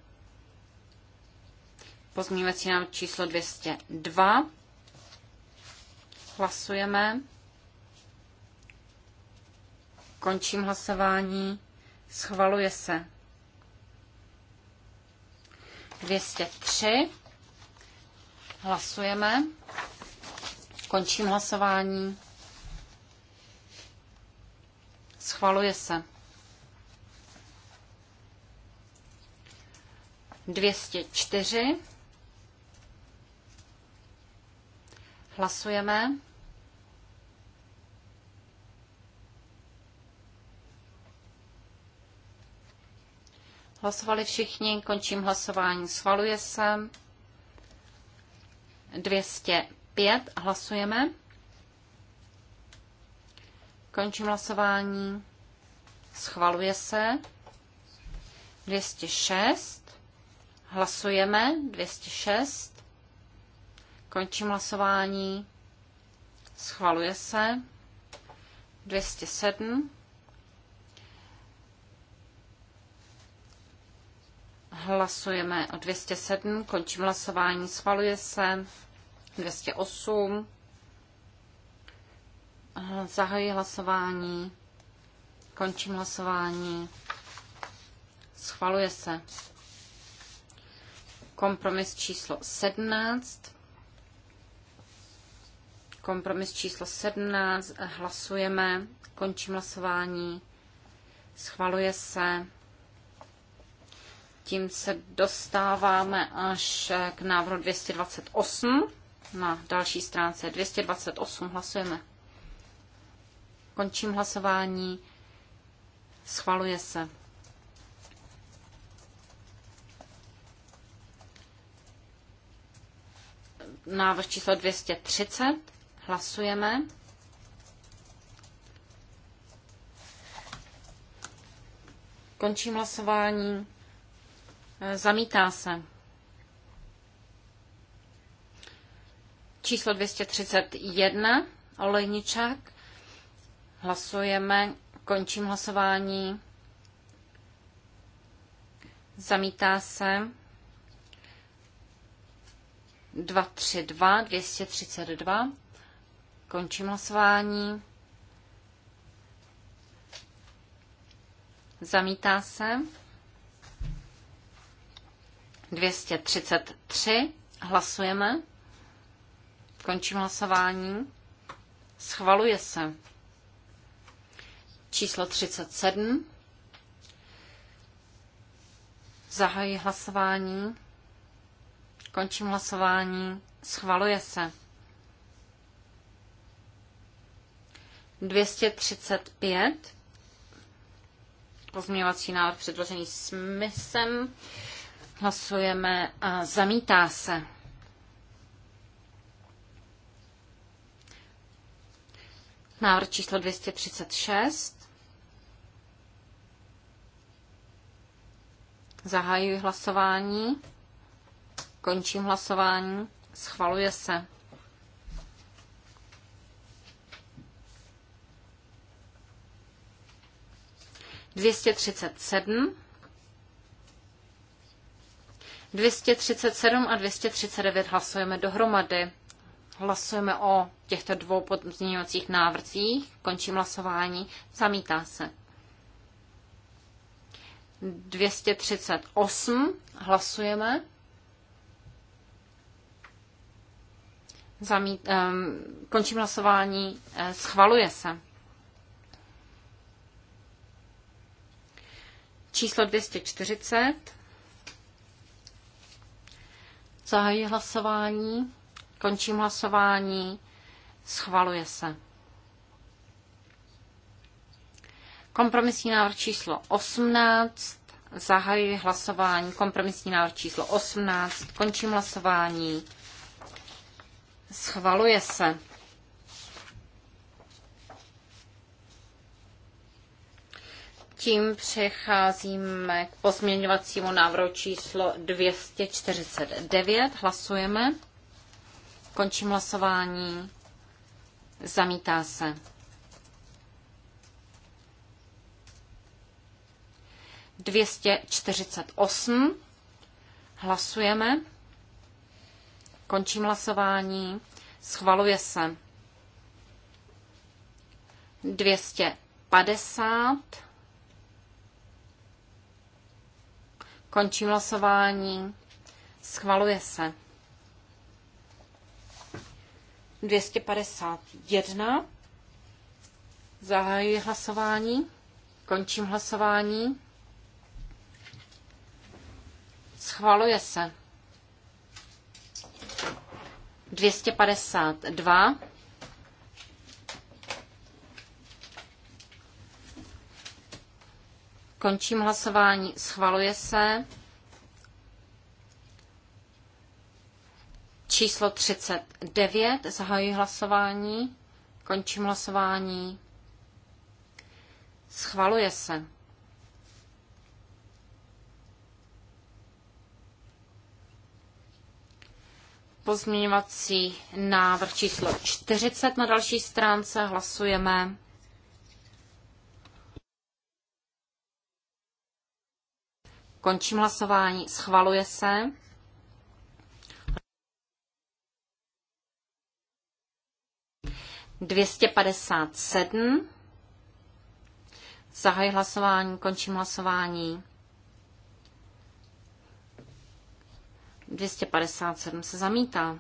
Pozměňovací návrh číslo 202. Hlasujeme. Končím hlasování. Schvaluje se. 203. Hlasujeme. Končím hlasování. Schvaluje se. 204. Hlasujeme. Hlasovali všichni, končím hlasování, schvaluje se. 200 5. Hlasujeme. Končím hlasování. Schvaluje se. 206. Hlasujeme. 206. Končím hlasování. Schvaluje se. 207. Hlasujeme o 207. Končím hlasování. Schvaluje se. 208. Zahajuji hlasování. Končím hlasování. Schvaluje se. Kompromis číslo 17. Kompromis číslo 17. Hlasujeme. Končím hlasování. Schvaluje se. Tím se dostáváme až k návrhu 228 na další stránce 228 hlasujeme. Končím hlasování. Schvaluje se. Návrh číslo 230. Hlasujeme. Končím hlasování. E, zamítá se. číslo 231, Olejničák. Hlasujeme, končím hlasování. Zamítá se 232, 232. Končím hlasování. Zamítá se 233. Hlasujeme. Končím hlasování. Schvaluje se. Číslo 37. Zahají hlasování. Končím hlasování. Schvaluje se. 235. Pozměňovací návrh předložený smysem. Hlasujeme a zamítá se. Návrh číslo 236. Zahajuji hlasování. Končím hlasování. Schvaluje se. Dvěstě třicet sedm. Dvěstě třicet sedm a dvěstě třicet devět hlasujeme dohromady. Hlasujeme o těchto dvou pozměňovacích návrcích. Končím hlasování. Zamítá se. 238. Hlasujeme. Zamít, um, končím hlasování. Eh, schvaluje se. Číslo 240. Zahajuji hlasování. Končím hlasování. Schvaluje se. Kompromisní návrh číslo 18. Zahajuji hlasování. Kompromisní návrh číslo 18. Končím hlasování. Schvaluje se. Tím přecházíme k pozměňovacímu návrhu číslo 249. Hlasujeme. Končím hlasování. Zamítá se. Dvěstě čtyřicet osm. Hlasujeme. Končím hlasování. Schvaluje se. 250. Končím hlasování. Schvaluje se. 251. Zahajuji hlasování. Končím hlasování. Schvaluje se. 252. Končím hlasování. Schvaluje se. Číslo 39. Zahajuji hlasování. Končím hlasování. Schvaluje se. Pozměňovací návrh číslo 40 na další stránce. Hlasujeme. Končím hlasování. Schvaluje se. 257. Zahajuji hlasování, končím hlasování. 257 se zamítá.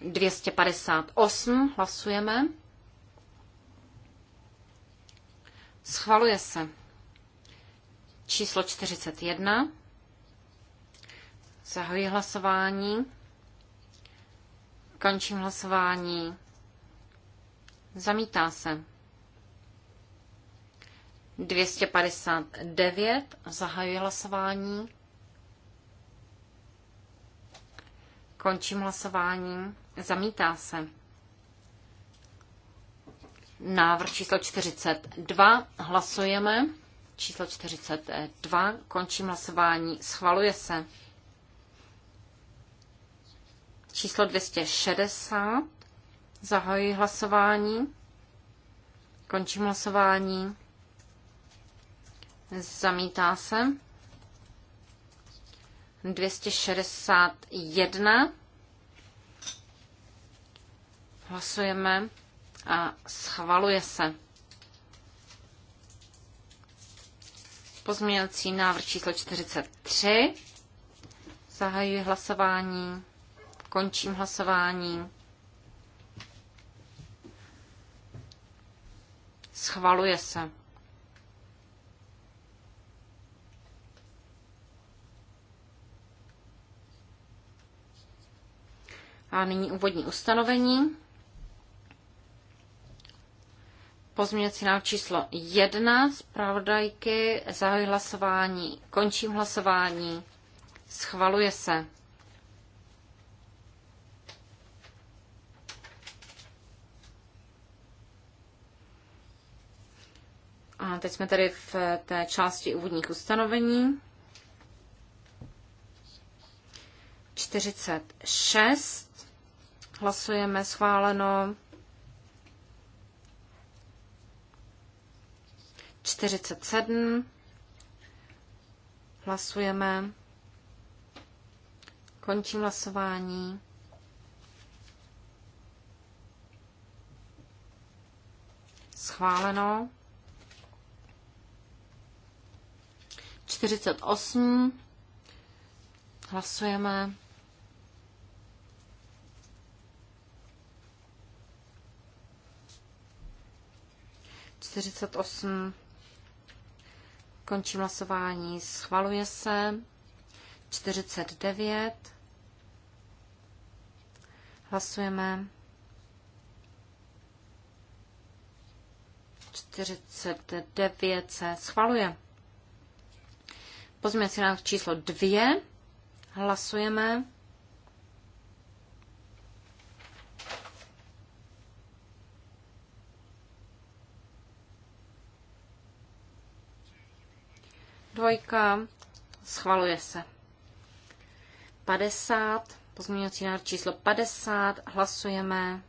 258 hlasujeme. Schvaluje se číslo 41. Zahajuji hlasování. Končím hlasování. Zamítá se. 259. Zahajuji hlasování. Končím hlasování. Zamítá se. Návrh číslo 42. Hlasujeme. Číslo 42. Končím hlasování. Schvaluje se číslo 260. Zahajuji hlasování. Končím hlasování. Zamítá se. 261. Hlasujeme a schvaluje se. Pozměňovací návrh číslo 43. Zahajuji hlasování. Končím hlasování. Schvaluje se. A nyní úvodní ustanovení. Pozměňovací návrh číslo 1 pravodajky. Zahajuji hlasování. Končím hlasování. Schvaluje se. A teď jsme tady v té části úvodních ustanovení. 46. Hlasujeme schváleno. 47. Hlasujeme. Končím hlasování. Schváleno. 48. Hlasujeme. Čtyřicet Končím hlasování. Schvaluje se. 49. Hlasujeme. 49 se schvaluje. Pozměňovací návrh číslo dvě. Hlasujeme. Dvojka. Schvaluje se. 50. Pozměňovací návrh číslo 50. Hlasujeme.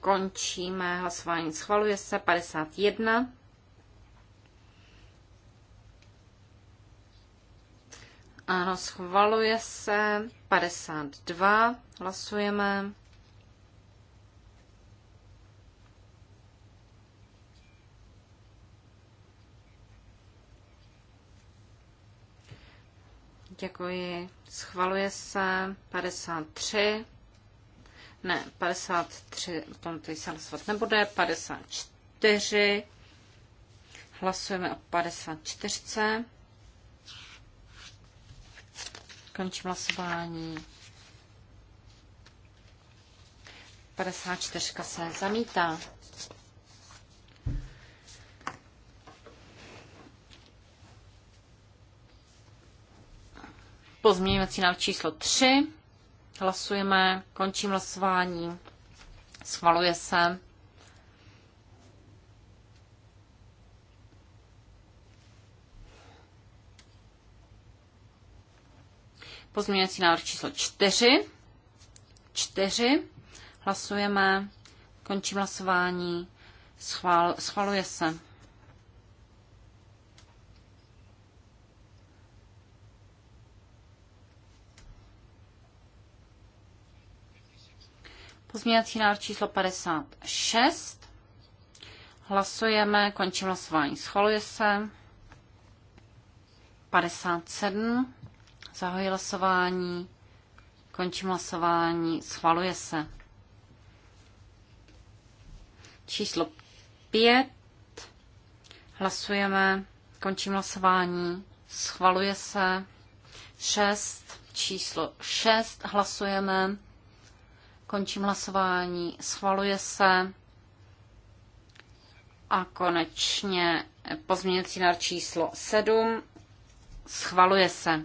Končíme hlasování. Schvaluje se 51. Ano, schvaluje se 52. Hlasujeme. Děkuji. Schvaluje se 53. Ne, 53, tom teď se hlasovat nebude, 54. Hlasujeme o 54. Končím hlasování. 54 se zamítá. Pozměňovací návrh číslo 3. Hlasujeme, končím hlasování. Schvaluje se. Pozměňovací návrh číslo 4. 4. Hlasujeme. Končím hlasování. Schval, schvaluje se. Pozměňovací návrh číslo 56. Hlasujeme, končím hlasování, schvaluje se. 57. Zahoji hlasování, končím hlasování, schvaluje se. Číslo 5. Hlasujeme, končím hlasování, schvaluje se. 6. Číslo 6. Hlasujeme, Končím hlasování. Schvaluje se. A konečně pozměňovací návrh číslo 7. Schvaluje se.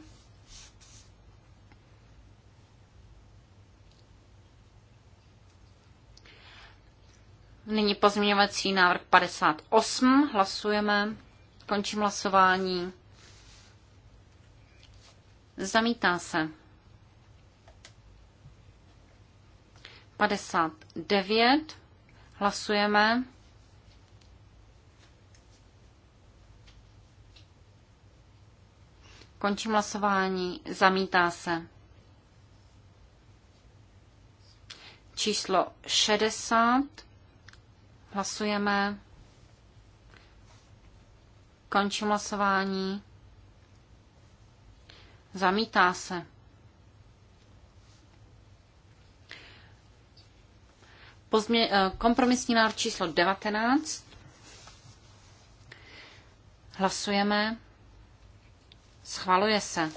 Nyní pozměňovací návrh 58. Hlasujeme. Končím hlasování. Zamítá se. 59. Hlasujeme. Končím hlasování. Zamítá se. Číslo 60. Hlasujeme. Končím hlasování. Zamítá se. Pozmě, eh, kompromisní návrh číslo 19. Hlasujeme. Schvaluje se.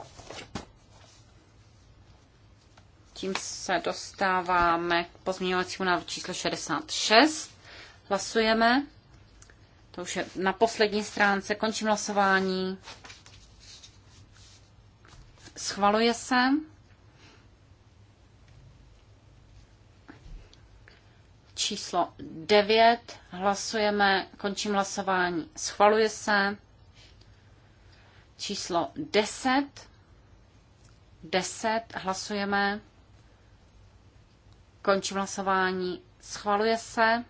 Tím se dostáváme k pozměňovacímu návrhu číslo 66. Hlasujeme. To už je na poslední stránce. Končím hlasování. Schvaluje se. číslo 9. Hlasujeme, končím hlasování, schvaluje se. Číslo 10. 10. Hlasujeme, končím hlasování, schvaluje se.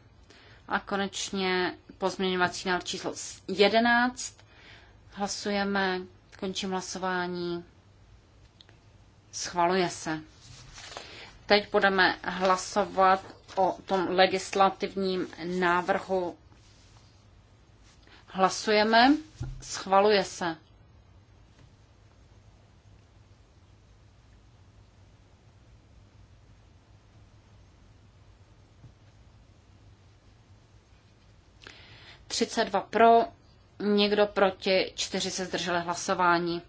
A konečně pozměňovací návrh číslo 11. Hlasujeme, končím hlasování, schvaluje se. Teď budeme hlasovat o tom legislativním návrhu hlasujeme, schvaluje se. Třicet dva pro, někdo proti, čtyři se zdrželi hlasování.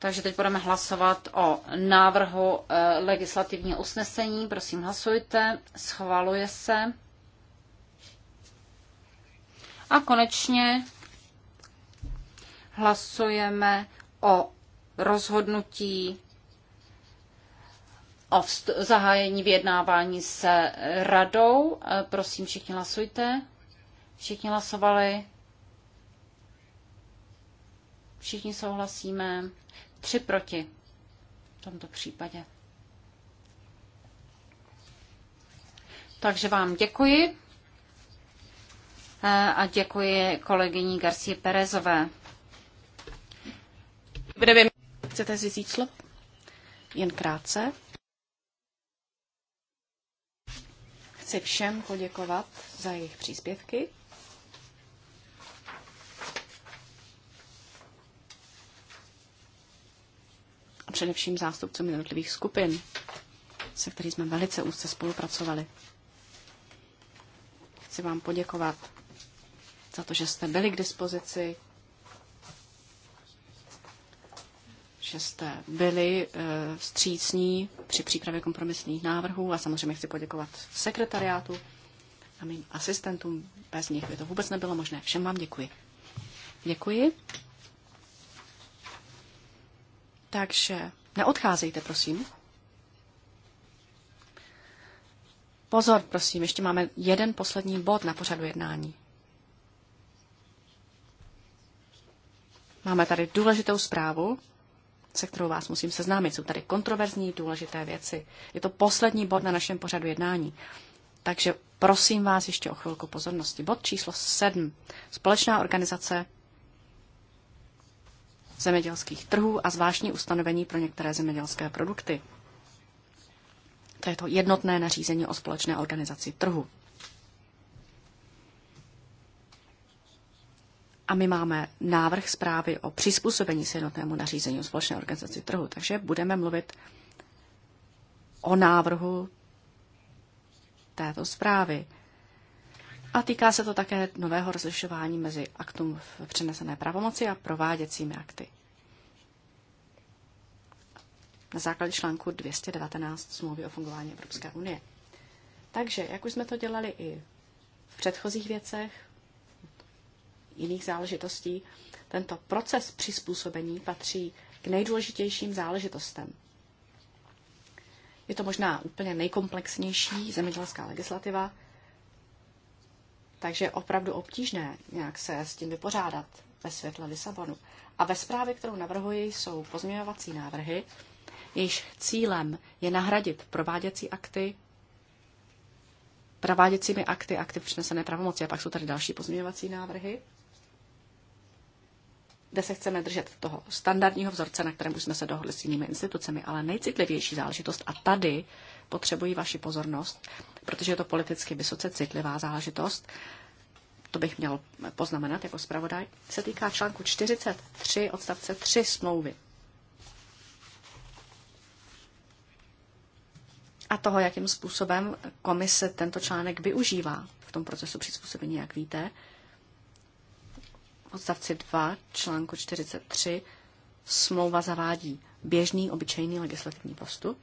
Takže teď budeme hlasovat o návrhu eh, legislativního usnesení. Prosím, hlasujte. Schvaluje se. A konečně hlasujeme o rozhodnutí o zahájení vyjednávání se radou. Eh, prosím, všichni hlasujte. Všichni hlasovali. Všichni souhlasíme. Tři proti v tomto případě. Takže vám děkuji eh, a děkuji kolegyní Garcie Perezové. Chcete si říct slovo? Jen krátce. Chci všem poděkovat za jejich příspěvky. a především zástupcům jednotlivých skupin, se kterými jsme velice úzce spolupracovali. Chci vám poděkovat za to, že jste byli k dispozici, že jste byli eh, vstřícní při přípravě kompromisních návrhů a samozřejmě chci poděkovat sekretariátu a mým asistentům. Bez nich by to vůbec nebylo možné. Všem vám děkuji. Děkuji. Takže neodcházejte, prosím. Pozor, prosím, ještě máme jeden poslední bod na pořadu jednání. Máme tady důležitou zprávu, se kterou vás musím seznámit. Jsou tady kontroverzní, důležité věci. Je to poslední bod na našem pořadu jednání. Takže prosím vás ještě o chvilku pozornosti. Bod číslo 7. Společná organizace zemědělských trhů a zvláštní ustanovení pro některé zemědělské produkty. To je to jednotné nařízení o společné organizaci trhu. A my máme návrh zprávy o přizpůsobení se jednotnému nařízení o společné organizaci trhu, takže budeme mluvit o návrhu této zprávy. A týká se to také nového rozlišování mezi aktům v přenesené pravomoci a prováděcími akty. Na základě článku 219 smlouvy o fungování Evropské unie. Takže, jak už jsme to dělali i v předchozích věcech, jiných záležitostí, tento proces přizpůsobení patří k nejdůležitějším záležitostem. Je to možná úplně nejkomplexnější zemědělská legislativa, takže opravdu obtížné nějak se s tím vypořádat ve světle Lisabonu. A ve zprávě, kterou navrhuji, jsou pozměňovací návrhy, jejichž cílem je nahradit prováděcí akty prováděcími akty, akty přinesené pravomoci. A pak jsou tady další pozměňovací návrhy, kde se chceme držet toho standardního vzorce, na kterém už jsme se dohodli s jinými institucemi, ale nejcitlivější záležitost, a tady potřebují vaši pozornost, protože je to politicky vysoce citlivá záležitost, to bych měl poznamenat jako zpravodaj, se týká článku 43 odstavce 3 smlouvy. A toho, jakým způsobem komise tento článek využívá v tom procesu přizpůsobení, jak víte. V odstavci 2 článku 43 smlouva zavádí běžný, obyčejný legislativní postup,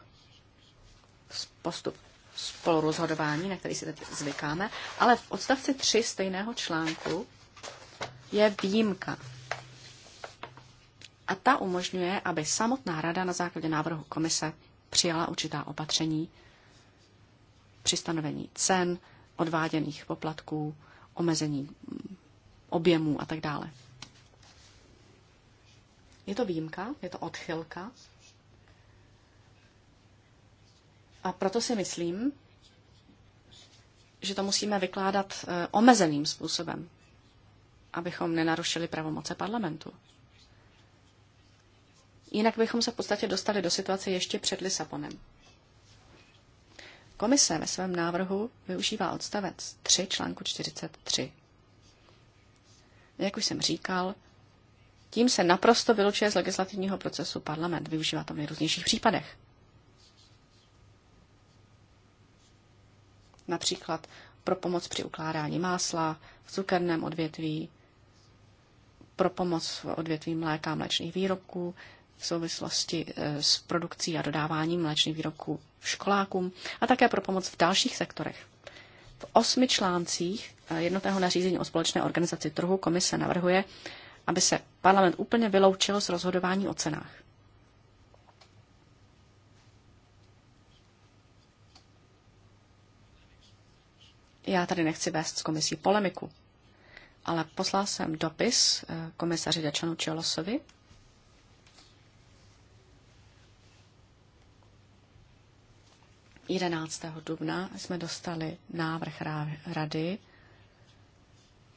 postup spolurozhodování, na který si teď zvykáme, ale v odstavci 3 stejného článku je výjimka. A ta umožňuje, aby samotná rada na základě návrhu komise přijala určitá opatření při stanovení cen, odváděných poplatků, omezení objemů a tak dále. Je to výjimka, je to odchylka A proto si myslím, že to musíme vykládat eh, omezeným způsobem, abychom nenarušili pravomoce parlamentu. Jinak bychom se v podstatě dostali do situace ještě před Lisabonem. Komise ve svém návrhu využívá odstavec 3 článku 43. Jak už jsem říkal, tím se naprosto vylučuje z legislativního procesu parlament. Využívá to v nejrůznějších případech. například pro pomoc při ukládání másla, v cukerném odvětví, pro pomoc v odvětví mléka a mléčných výrobků, v souvislosti eh, s produkcí a dodáváním mléčných výrobků školákům a také pro pomoc v dalších sektorech. V osmi článcích eh, jednotného nařízení o společné organizaci trhu komise navrhuje, aby se parlament úplně vyloučil z rozhodování o cenách. Já tady nechci vést s komisí polemiku, ale poslal jsem dopis eh, komisaři Dačanu Čelosovi. Jedenáctého dubna jsme dostali návrh rady,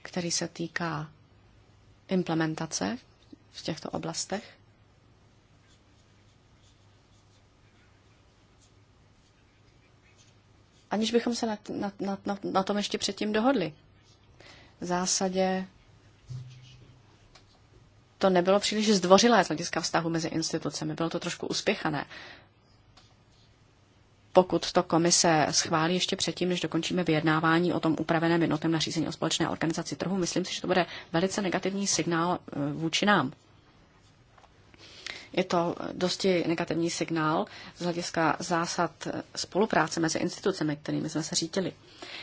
který se týká implementace v těchto oblastech. aniž bychom se na, na, na, na tom ještě předtím dohodli. V zásadě to nebylo příliš zdvořilé z hlediska vztahu mezi institucemi, bylo to trošku uspěchané. Pokud to komise schválí ještě předtím, než dokončíme vyjednávání o tom upraveném jednotném nařízení o společné organizaci trhu, myslím si, že to bude velice negativní signál eh, vůči nám. Je to dosti negativní signál z hlediska zásad spolupráce mezi institucemi, kterými jsme se řídili.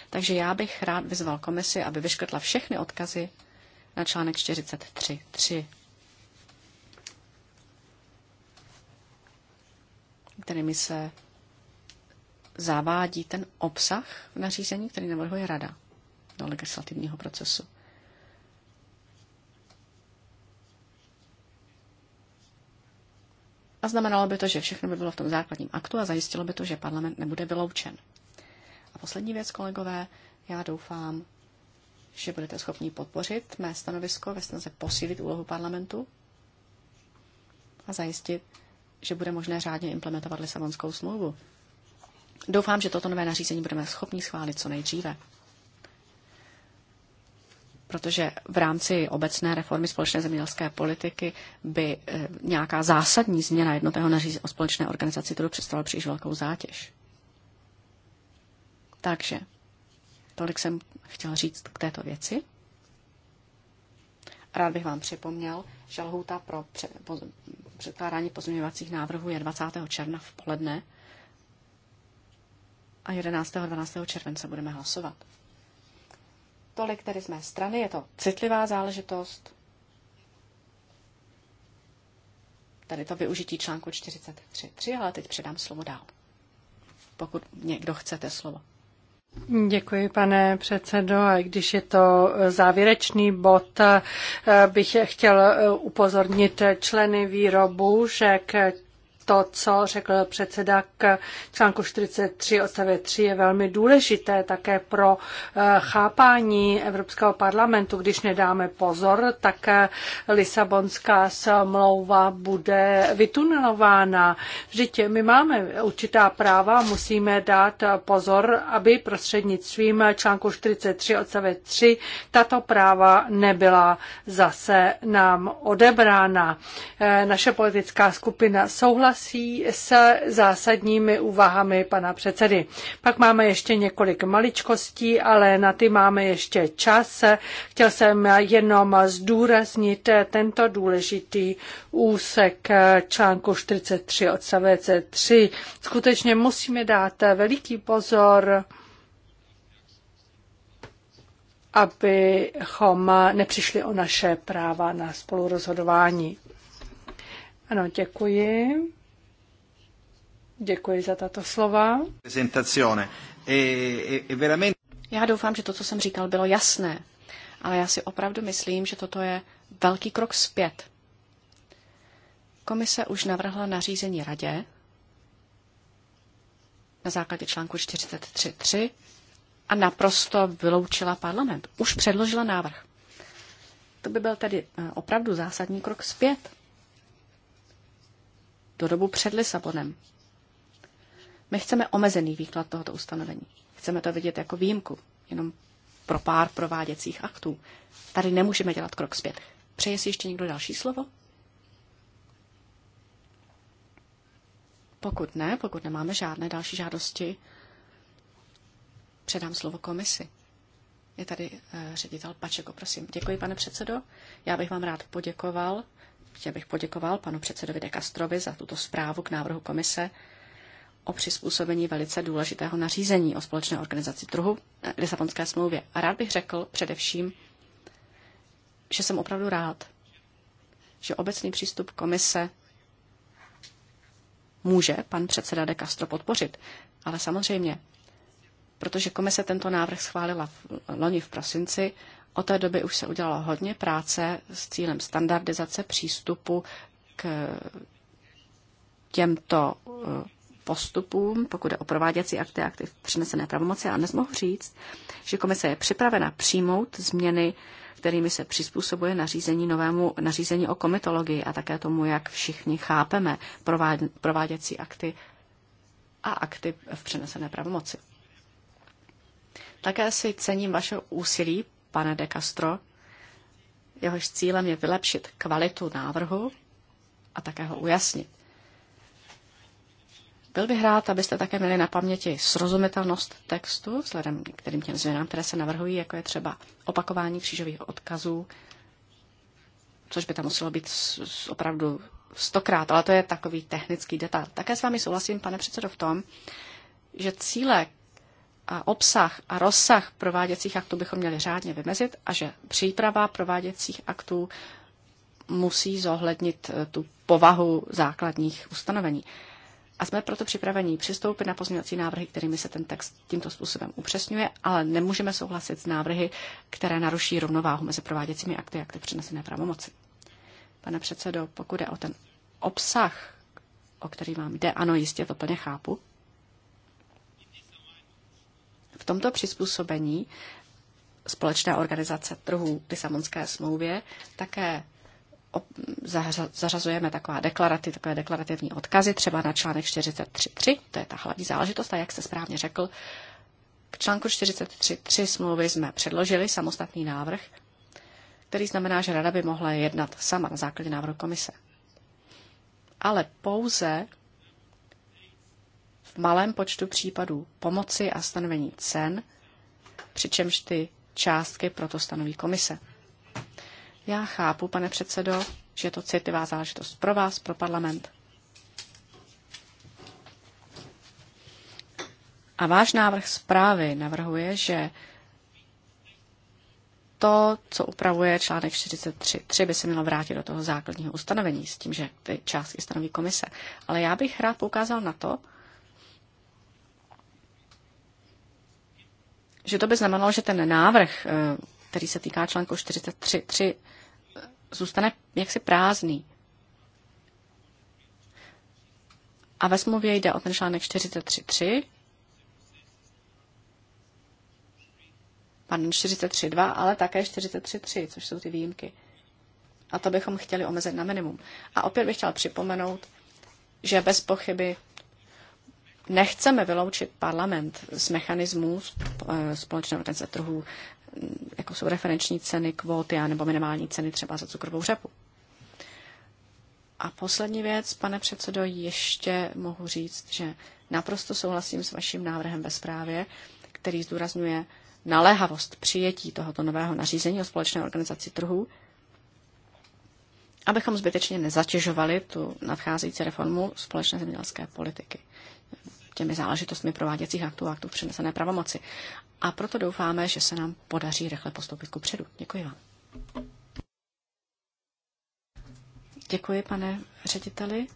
Takže já bych rád vyzval komisi, aby vyškrtla všechny odkazy na článek 43.3, kterými se zavádí ten obsah v nařízení, který navrhuje Rada do legislativního procesu. A znamenalo by to, že všechno by bylo v tom základním aktu a zajistilo by to, že parlament nebude vyloučen. A poslední věc, kolegové, já doufám, že budete schopni podpořit mé stanovisko ve snaze posílit úlohu parlamentu a zajistit, že bude možné řádně implementovat Lisabonskou smlouvu. Doufám, že toto nové nařízení budeme schopni schválit co nejdříve protože v rámci obecné reformy společné zemědělské politiky by eh, nějaká zásadní změna jednotného nařízení o společné organizaci trhu představovala příliš velkou zátěž. Takže tolik jsem chtěl říct k této věci. Rád bych vám připomněl, že lhůta pro předkládání pozměňovacích návrhů je 20. června v poledne a 11. a 12. července budeme hlasovat. Tolik tedy z mé strany, je to citlivá záležitost. Tady to využití článku 43.3, ale teď předám slovo dál. Pokud někdo chcete slovo. Děkuji, pane předsedo. A když je to závěrečný bod, eh, bych chtěl eh, upozornit členy výrobu, že k to, co řekl předseda k článku 43 odstavec 3 je velmi důležité také pro eh, chápání Evropského parlamentu. Když nedáme pozor, tak eh, Lisabonská smlouva bude vytunelována. Vždyť my máme určitá práva, musíme dát pozor, aby prostřednictvím článku 43 odstavec 3 tato práva nebyla zase nám odebrána. Eh, naše politická skupina souhlasí souhlasí se zásadními úvahami pana předsedy. Pak máme ještě několik maličkostí, ale na ty máme ještě čas. Chtěl jsem jenom zdůraznit tento důležitý úsek článku 43 odstavec 3. Skutečně musíme dát veliký pozor abychom nepřišli o naše práva na spolurozhodování. Ano, děkuji. Děkuji za tato slova. E, e, e já doufám, že to, co jsem říkal, bylo jasné, ale já si opravdu myslím, že toto je velký krok zpět. Komise už navrhla nařízení radě na základě článku 43.3 a naprosto vyloučila parlament. Už předložila návrh. To by byl tedy eh, opravdu zásadní krok zpět do dobu před Lisabonem. My chceme omezený výklad tohoto ustanovení. Chceme to vidět jako výjimku, jenom pro pár prováděcích aktů. Tady nemůžeme dělat krok zpět. Přeje si ještě někdo další slovo? Pokud ne, pokud nemáme žádné další žádosti, předám slovo komisi. Je tady eh, ředitel Pačeko, prosím. Děkuji, pane předsedo. Já bych vám rád poděkoval. Chtěl bych poděkoval panu předsedovi De Castrovi za tuto zprávu k návrhu komise o přizpůsobení velice důležitého nařízení o společné organizaci trhu eh, Lisabonské smlouvě. A rád bych řekl především, že jsem opravdu rád, že obecný přístup komise může pan předseda de Castro podpořit. Ale samozřejmě, protože komise tento návrh schválila v eh, loni v prosinci, od té doby už se udělalo hodně práce s cílem standardizace přístupu k těmto eh, postupům, pokud je o prováděcí akty a akty v přenesené pravomoci. A dnes mohu říct, že komise je připravena přijmout změny, kterými se přizpůsobuje nařízení novému nařízení o komitologii a také tomu, jak všichni chápeme prováděcí akty a akty v přenesené pravomoci. Také si cením vašeho úsilí, pane de Castro, jehož cílem je vylepšit kvalitu návrhu a také ho ujasnit. Byl bych rád, abyste také měli na paměti srozumitelnost textu, vzhledem k některým těm změnám, které se navrhují, jako je třeba opakování křížových odkazů, což by tam muselo být opravdu stokrát, ale to je takový technický detail. Také s vámi souhlasím, pane předsedo, v tom, že cíle a obsah a rozsah prováděcích aktů bychom měli řádně vymezit a že příprava prováděcích aktů musí zohlednit eh, tu povahu základních ustanovení. A jsme proto připraveni přistoupit na pozměňovací návrhy, kterými se ten text tímto způsobem upřesňuje, ale nemůžeme souhlasit s návrhy, které naruší rovnováhu mezi prováděcími akty a akty přenesené pravomoci. Pane předsedo, pokud je o ten obsah, o který vám jde, ano, jistě to plně chápu. V tomto přizpůsobení společné organizace trhů Lisabonské smlouvě také zařazujeme taková deklarativ, takové deklarativní odkazy, třeba na článek 43.3, to je ta hlavní záležitost, a jak jste správně řekl, k článku 43.3 smlouvy jsme předložili samostatný návrh, který znamená, že rada by mohla jednat sama na základě návrhu komise. Ale pouze v malém počtu případů pomoci a stanovení cen, přičemž ty částky proto stanoví komise. Já chápu, pane předsedo, že je to citlivá záležitost pro vás, pro parlament. A váš návrh zprávy navrhuje, že to, co upravuje článek 43.3, by se mělo vrátit do toho základního ustanovení s tím, že ty částky stanoví komise. Ale já bych rád poukázal na to, že to by znamenalo, že ten návrh eh, který se týká článku 43.3, zůstane jaksi prázdný. A ve smluvě jde o ten článek 43.3, pardon, 43.2, ale také 43.3, což jsou ty výjimky. A to bychom chtěli omezit na minimum. A opět bych chtěla připomenout, že bez pochyby nechceme vyloučit parlament z mechanismů eh, společného organizace trhů jako jsou referenční ceny, kvóty a nebo minimální ceny třeba za cukrovou řepu. A poslední věc, pane předsedo, ještě mohu říct, že naprosto souhlasím s vaším návrhem ve zprávě, který zdůrazňuje naléhavost přijetí tohoto nového nařízení o společné organizaci trhu, abychom zbytečně nezatěžovali tu nadcházející reformu společné zemědělské politiky těmi záležitostmi prováděcích aktů a aktů přenesené pravomoci. A proto doufáme, že se nám podaří rychle postoupit ku předu. Děkuji vám. Děkuji, pane řediteli.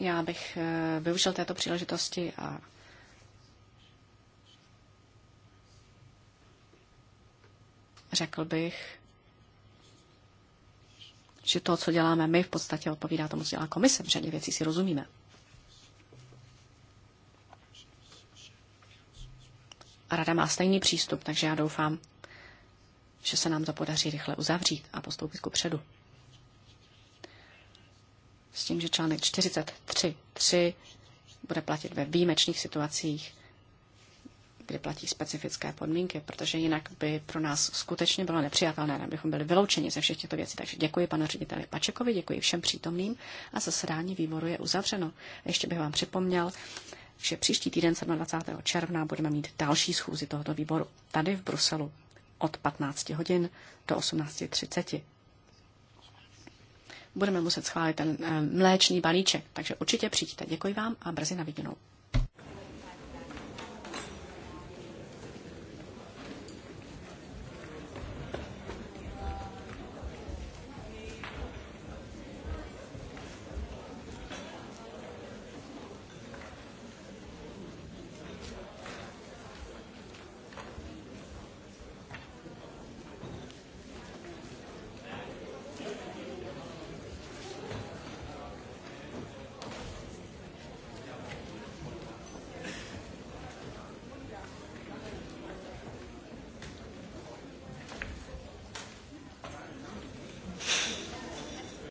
Já bych eh, využil této příležitosti a řekl bych, že to, co děláme my, v podstatě odpovídá tomu, co dělá komise. V řadě věcí si rozumíme. A rada má stejný přístup, takže já doufám, že se nám to podaří rychle uzavřít a postoupit ku předu. S tím, že článek 43.3 bude platit ve výjimečných situacích kdy platí specifické podmínky, protože jinak by pro nás skutečně bylo nepřijatelné, abychom byli vyloučeni ze všech těchto věcí. Takže děkuji panu řediteli Pačekovi, děkuji všem přítomným a zasedání výboru je uzavřeno. ještě bych vám připomněl, že příští týden 27. června budeme mít další schůzi tohoto výboru tady v Bruselu od 15 hodin do 18.30. Budeme muset schválit ten eh, mléčný balíček, takže určitě přijďte. Děkuji vám a brzy na viděnou.